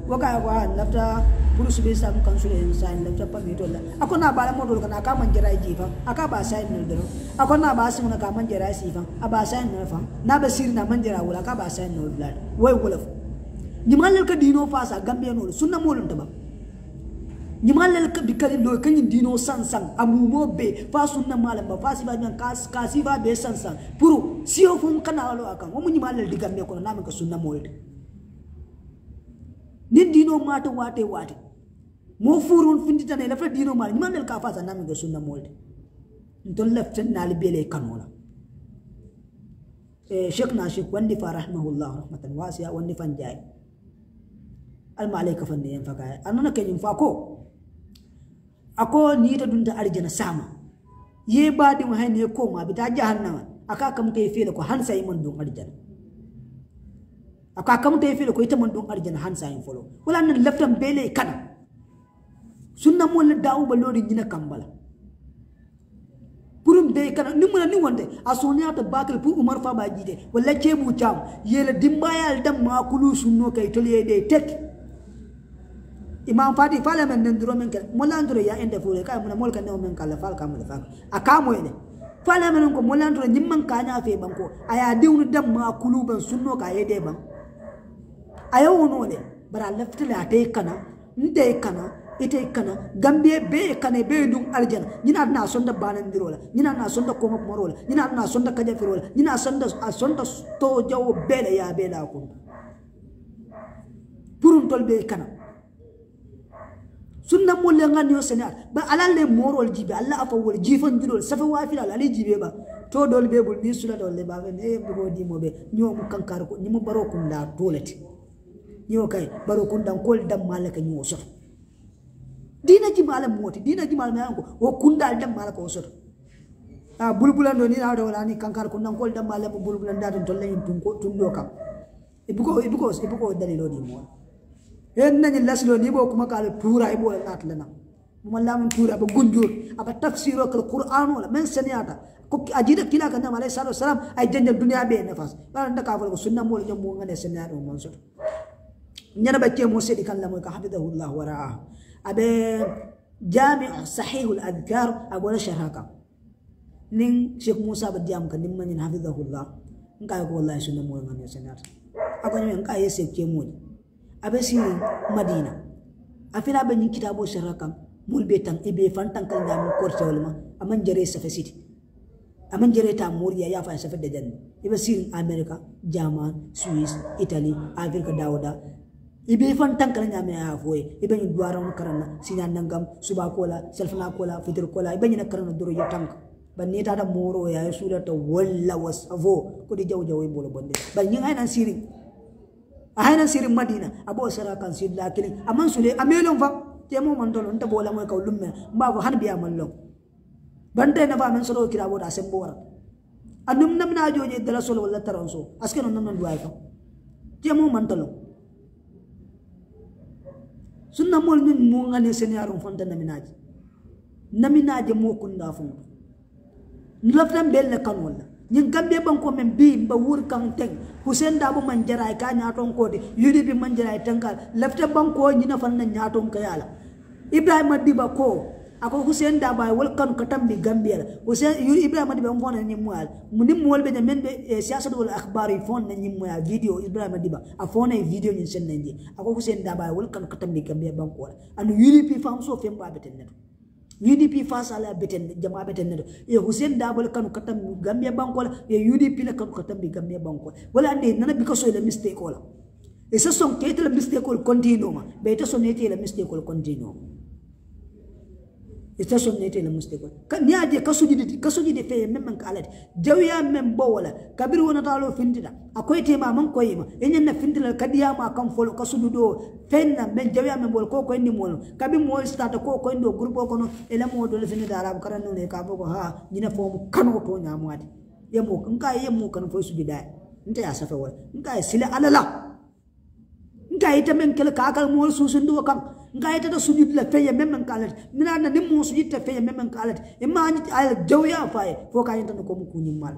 waka ko an lafta burus be sam kan su en sai lafta pa mi tola akona bala mo dol kana ka man jira ji fa aka ba sai no dol akona ba sai ka man jira si fa aba sai no fa na ba sir na man jira wala ka ba sai no blad wai wala fa jimalal ka dino fa sa gambe no sunna mo lon taba ka bikali lo kan dino san san amumo be fa sunna malam ba fa si ba nan kas kasi ba be san san puru fum kana alo akan mo jimalal digambe ko na ka sunna mo nin dino mata wate wate mo furun finditana ila fre dino mate nimandel ka fasa nami go sunna molde ntol leften nali bele kanola e sheikh na sheikh wandi fa rahmahullah rahmatan wasiya wandi fan jay alma alayka fanne en faka anana kenyum fa ko ako ni ta dunta arjana sama ye badi mu hayne ko ma bita jahannama aka kam kay fele ko hansa imon dun arjana aka kam te fele ko itaman don arjin han sayin folo wala nan laftan bele kana sunna mo le dawo ba lori nyina kambala purum de kana ni mula ni wonde asonya ta bakal pour umar fa ba jide wala bu cham yele dimbayal dam ma kulu sunno kay toliye de tek imam fati fala men den duro men kan molan duro ya ende fure kay mun mol kan ne men kala fal kam fal akamo ene fala men ko molan duro nyimman kanya fe banko aya diwnu dam ma kulu ban sunno kay de ban a wono de bara lafti la yi kana yi kana ita yi kana gambe be kana be dun aljana nyina na da banan dirola nyina na da koma rola ni na sonda kaja firola a sonda sonda to jawo bele ya bela ko purun tol be kana sunna molle nga niyo senar ba ala le morol jibe alla afa wol jifan jidol safa wafila ali jibe ba to dol be bul ni sula dol le ba ne e bugo di mobe mu kankar ko ni mu baro kun la dolati yo kay baro kun dan kol dam malaka e ni wosor dina ji malam moti dina ji malam yanko wo kun dal dam malaka wosor a bulbulan do ni na do wala ni kankar kun dan kol dam malam bulbulan da don tolle ko tunko do kam e bu ko e dali lo ni mo en ni laslo ni bo kuma kala pura ibo atlana mumallamin tura ba gunjur aba tafsiro kal qur'an wala men seniata ko ajida kila kan nabi sallallahu alaihi wasallam ay jannal dunya be nafas ba nda ka fa sunna mo jam mo ngane seniata mo so ñana bakke musa di kan lamoy ka hafidahu allah wa ra'a abe jami' sahih al adhkar agora sharaka nin sheikh musa badiam kan nin manin hafidahu allah nka ko wallahi sunna mo ngam yasanat agonya ka yese ke mo abe si madina afira ban yin kitabo sharaka mul betan ibe tan kan da mun korte walma aman jare safa city aman jere ta moriya ya fa safa de jan ibe si america jaman swiss italy africa dawoda ibe fan kala nyame ha foye ibe ni duwara on karana sinya nangam suba kola selfna kola fitir kola ibe ni karana duro ya tank ban neta da moro ya sura ta walla wasavo ko di jaw jaw bolo bonde ban ni ngana siri a hayna siri madina abo sara kan sir lakin kilin amman sule amelon fa temo man dolon ta bola moy me ba mbabo han biya man lon bante na ba man soro kira boda sembo wara anum namna joje dala solo walla taranso askeno non non duwa fa temo man dolon sunna mol min mo ngane senior on fonta naminaaji naminaaji mo kunda fon fam bel ne kan wala ñin gambe ban ko men bi ba wur kan teng Hussein Dabo man jaraay ka ñaaton ko de bi man jaraay tankal lafta ban ko na fan na ñaaton ko yala Ibrahima Diba ko ako hussein daba wal kan katam bi gambia hussein yu ibrahima diba mo na nyim eh, wal munim wal be men be siyasa wal akhbar fon na nyim wal video ibrahima diba a fon ay video ni sen nandi ako hussein daba wal kan katam bi gambia ban ko anu udp fam so fem ba beten neto udp face ala beten jama beten neto e eh, hussein daba kan katam bi gambia ban wala e udp la kan eh, katam bi gambia ban ko wala ande nana bi ko so le mistake wala et ce sont son ke te le mistake ko continuuma be te son ne te le mistake ko continuuma ita istasonnetene musdegol ni ka adi kasujidi kasujidi feye men man ka alade jawiya men bowola kabir wonatalo findita akoyetema man koyima ka diya ma kan folo ka kasujudo fenna men jawiya men bol ko ko koyndi mono kabi mool stata ko ko koyndi o groupe o kono elamo dole finida arabu karannone ka bogo ha ni ñina fomo kano to ñamoade yemo nka yemo kan foy sujida nta ya safe wala nka sila alala nka yita men kele kakal mool susunduwo kan gaita da sujud la feye même en kalat mina na ni mon sujud te feye même en kalat e ma ni ala dawya faye fo ka yinta ko mu kunyi mal,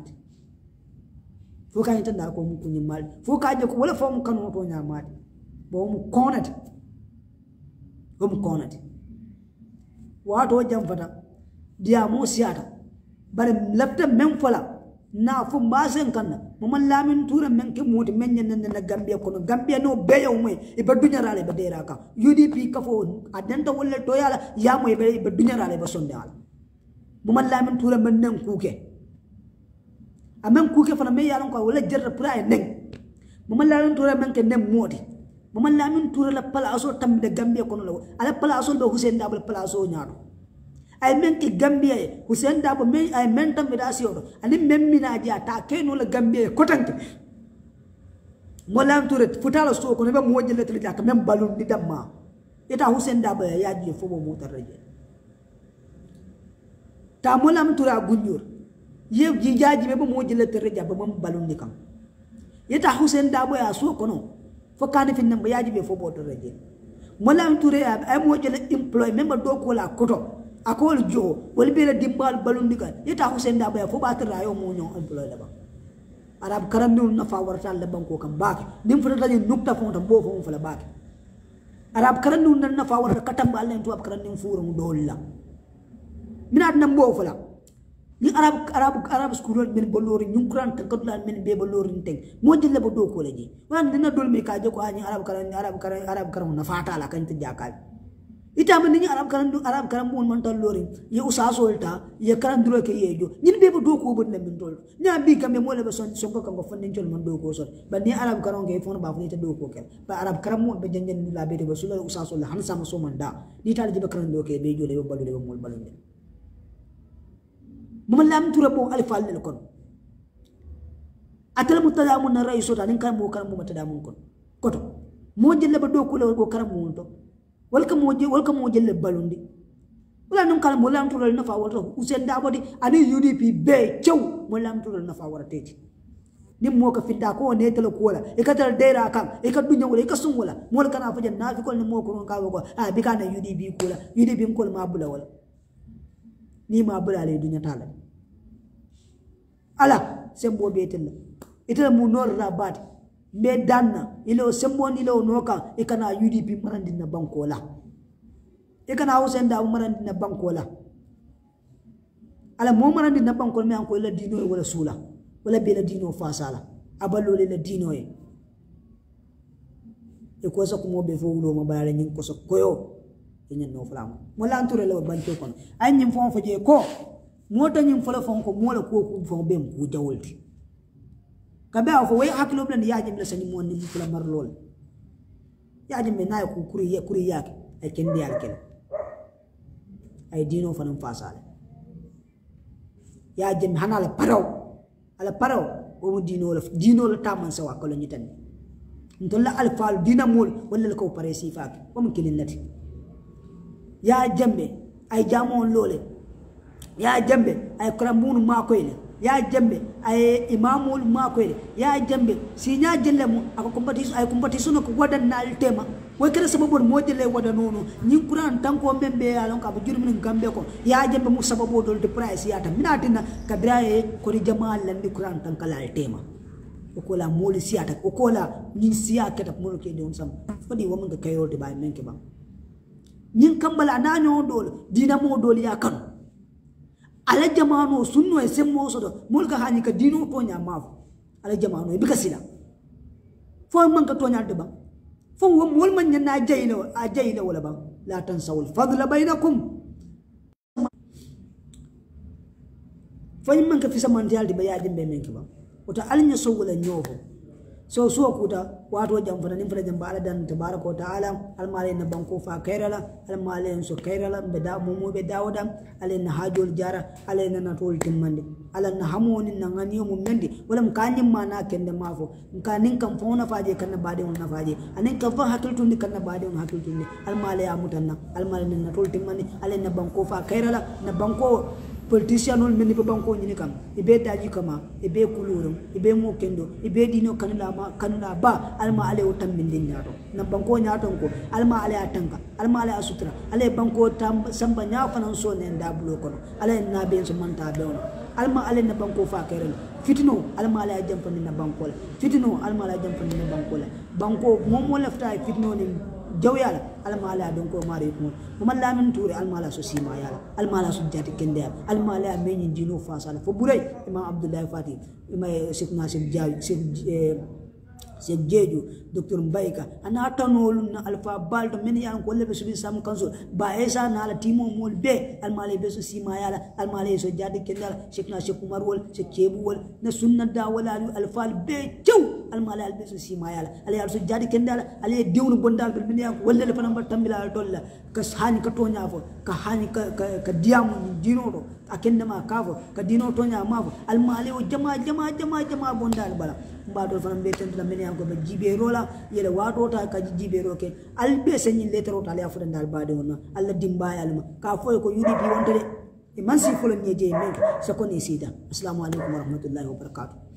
fo ka yinta da ko mu kunyi malat fo ka je ko wala fo mu kanu to nya malat bo mu konat bo mu konat wato jam fata dia mo siata bare lafta mem fola na fu masen kanna moman lamin tura men ke moti men nyen na gambia kono gambia no umwe iba ibe rale ba dera ka udp kafo adenta toya la ya mwe iba ibe rale ba basonde ala moman lamin tura men nen kuke amen kuke fana me yaron ko wolle jerra pura e nen moman lamin tura men ke nen moti lamin tura la pala aso tamde gambia kono la ala pala aso be husen da pala aso nyaro ay men ki gambia ye hussein dabo men ay men tambe da asiyoɗo ani men minaji a ta la gambia ye kotanke ngolam futa futala so ko ne be mo jelle tele jaka men balun di damma ita hussein dabo ya ji fo mo motar reje ta molam ture gunjur ye jijaji be mo jelle tele jaba mom balun ni kam ita hussein dabo ya so ko no fo kani fin ya ji be fo bodo reje molam ture ay mo jelle employ member do ko la koto akol jo wal bela dimbal balun diga yeta ko senda baya fo batir rayo mo nyon employ laba arab karandu na fa warta laban ko kam baki dim fata tani nukta fon tan bo fon fala baki arab karandu nan na fa warta katam Allah to arab karandu furun dolla minat nan bo fala ni arab arab arab school min bolori nyum kuran tan kadula min be bolori ten mo dilla bo do ko laji wan dina dol mi ka je ko ani arab karam arab karam arab karam na fata la kan ta jakal ita bandinya arab karan du arab karan bu man tan lori ye usa solta ye karan duro ke ye jo nyin be do ko bon min tol nya bi kam mo le son son ko kam ko fonni tol man do ko son bandi arab karan ke fon ba fon ta do ko ken ba arab karan mo be janjan ni la be de rasul usa sol han sama so man da ni tal jibe karan do ke be jo le balu le mol balu le mo lam tura bo alfa le kon atal mutadamun na raiso ta nin kan mo karan mo mutadamun kon koto mo jelle ba do ko le ko karan mo to walkam woje walkam woje le balundi wala non kala molam to na fa wala usen da bodi ani UDP be cew molam to na fa wala teti nim mo ka finta ko ne tala ko wala e ka tala daira kan e ka dunya wala e ka sun wala mol kana fa janna fi kol nim mo ko ka ko a bi kana UDP ko la UDP ko ma bula wala ni ma bula le dunya tala ala sembo be tella ita mu nor rabat me danna ile o sembon ile o noka e UDP marandi na bankola e kana hausa da marandi na bankola ala mo marandi na bankola me anko ile dino e wala sula wala be dino fasala aballo le dino e e ko sa kuma be fowulo ma bare nyin ko koyo e nyen no flam mo la anture le banto kon ay fon faje ko mota nyin fola fon ko mo la ko ku fon be mu jawolti كبه فو وي عقلو بلن ياجم لسني مون ني كلا مرلول ياجم بنا يكو كوري كوري ياك اي كندي الكل اي دينو فنم فاسال ياجم هنا لا بارو على بارو ومو دينو لا دينو لا تامن سوا كلو نيتن نتلا الفال دينا مول ولا لكو بريسي فاك ومن كلنتي يا جنبي اي جامون لولي يا جنبي اي كرمون ما كويله ya jambe ay imamul ma ya jambe si nya jelle mu aka kumpati ay kumpati suno ko wadan na tema ko kala sababu mo jelle wada nono ni qur'an tan ko membe ya lon ka bu jurmin gambe ko ya jambe mu sababu dol de price ya tan minati na kabira e ko ri jama'al lan qur'an tan kala tema ko la mol siya ta ko la ni siya ka ta mo ke de on sam fodi wo mun ga kayol de bay men ke ba ni kambala na nyon dol dina mo dol ya kanu ala jamano sunno e semmo sodo mulka hani ka dino ko nya mafo ala jamano e bika sila fo man ka to nya de ba fo wo mol man nyana jayla a jayla wala ba la tansawul fadla bainakum fo man ka fisa man dial de ba ya dimbe men ki ba wata alnya sawula nyofo so suwa kuta wato jamfananin fara jamba ala dan tabaraka wa ta'ala almalayin na banko fa kairala almalayin so kairala be da mu be dawoda ala na hajol jara ala na tol timmande ala na hamoni na ngani mu mende wala mkanin ma na kende mafo mkanin kan fauna faje kan bade on faje anin kan fa hakil ni kan bade on hakiltun ni almalaya mutanna almalayin na tol timmande ala na banko fa kairala na banko politician ol men baban ko nyini kam ibe e daji kama ibe e kulurum ibe e mo kendo ibe dino kanula ma kanula ba alma ale o tam min nyato na banko nyato ko alma ale atanka alma ale sutura ale banko tam samba nyafa fana so ne da bulo kɔnɔ ale na be so manta be ono alma ale na banko fa kerelo fitino alma ala jamfani na banko la fitino alma ala jamfani na banko la banko mo mo lafta fitino ni jaw yala al mala don ko mari ko kuma la min turi al mala so sima yala al mala so jati kende al mala me nyin dino fa sala fo buray imam abdullah fatih imam sik nasib jaw sik sik jeju دكتور مبايكا أنا أتنول ألفا بالد من يان كل بس بين سام كنسو بايسا نال تيمو مول بي المالي بس سي ما يالا المالي سو جاد كندال شكنا شكمر ول شكيبو ول نسن دا ولا ألفا بي جو المالي بس سي ما يالا على سو جاد كندال على ديون بوندال من يان ولا لفنا بتملا دولا كسهاني كتونيا فو كهاني ك ك كديام دينورو أكنما كافو كدينو تونيا مافو المالي وجماعة جماعة جماعة جماعة بندال بلا مبادر فنان بيتن تلا من يان كوبا جيبي رولا yele ta ka ji jibero roke albe se nyin letero le afuda dal bade wona alla dimba yalma ka foy ko yudi bi wonde e man si fulan je men se ko ni sida assalamu alaikum warahmatullahi wabarakatuh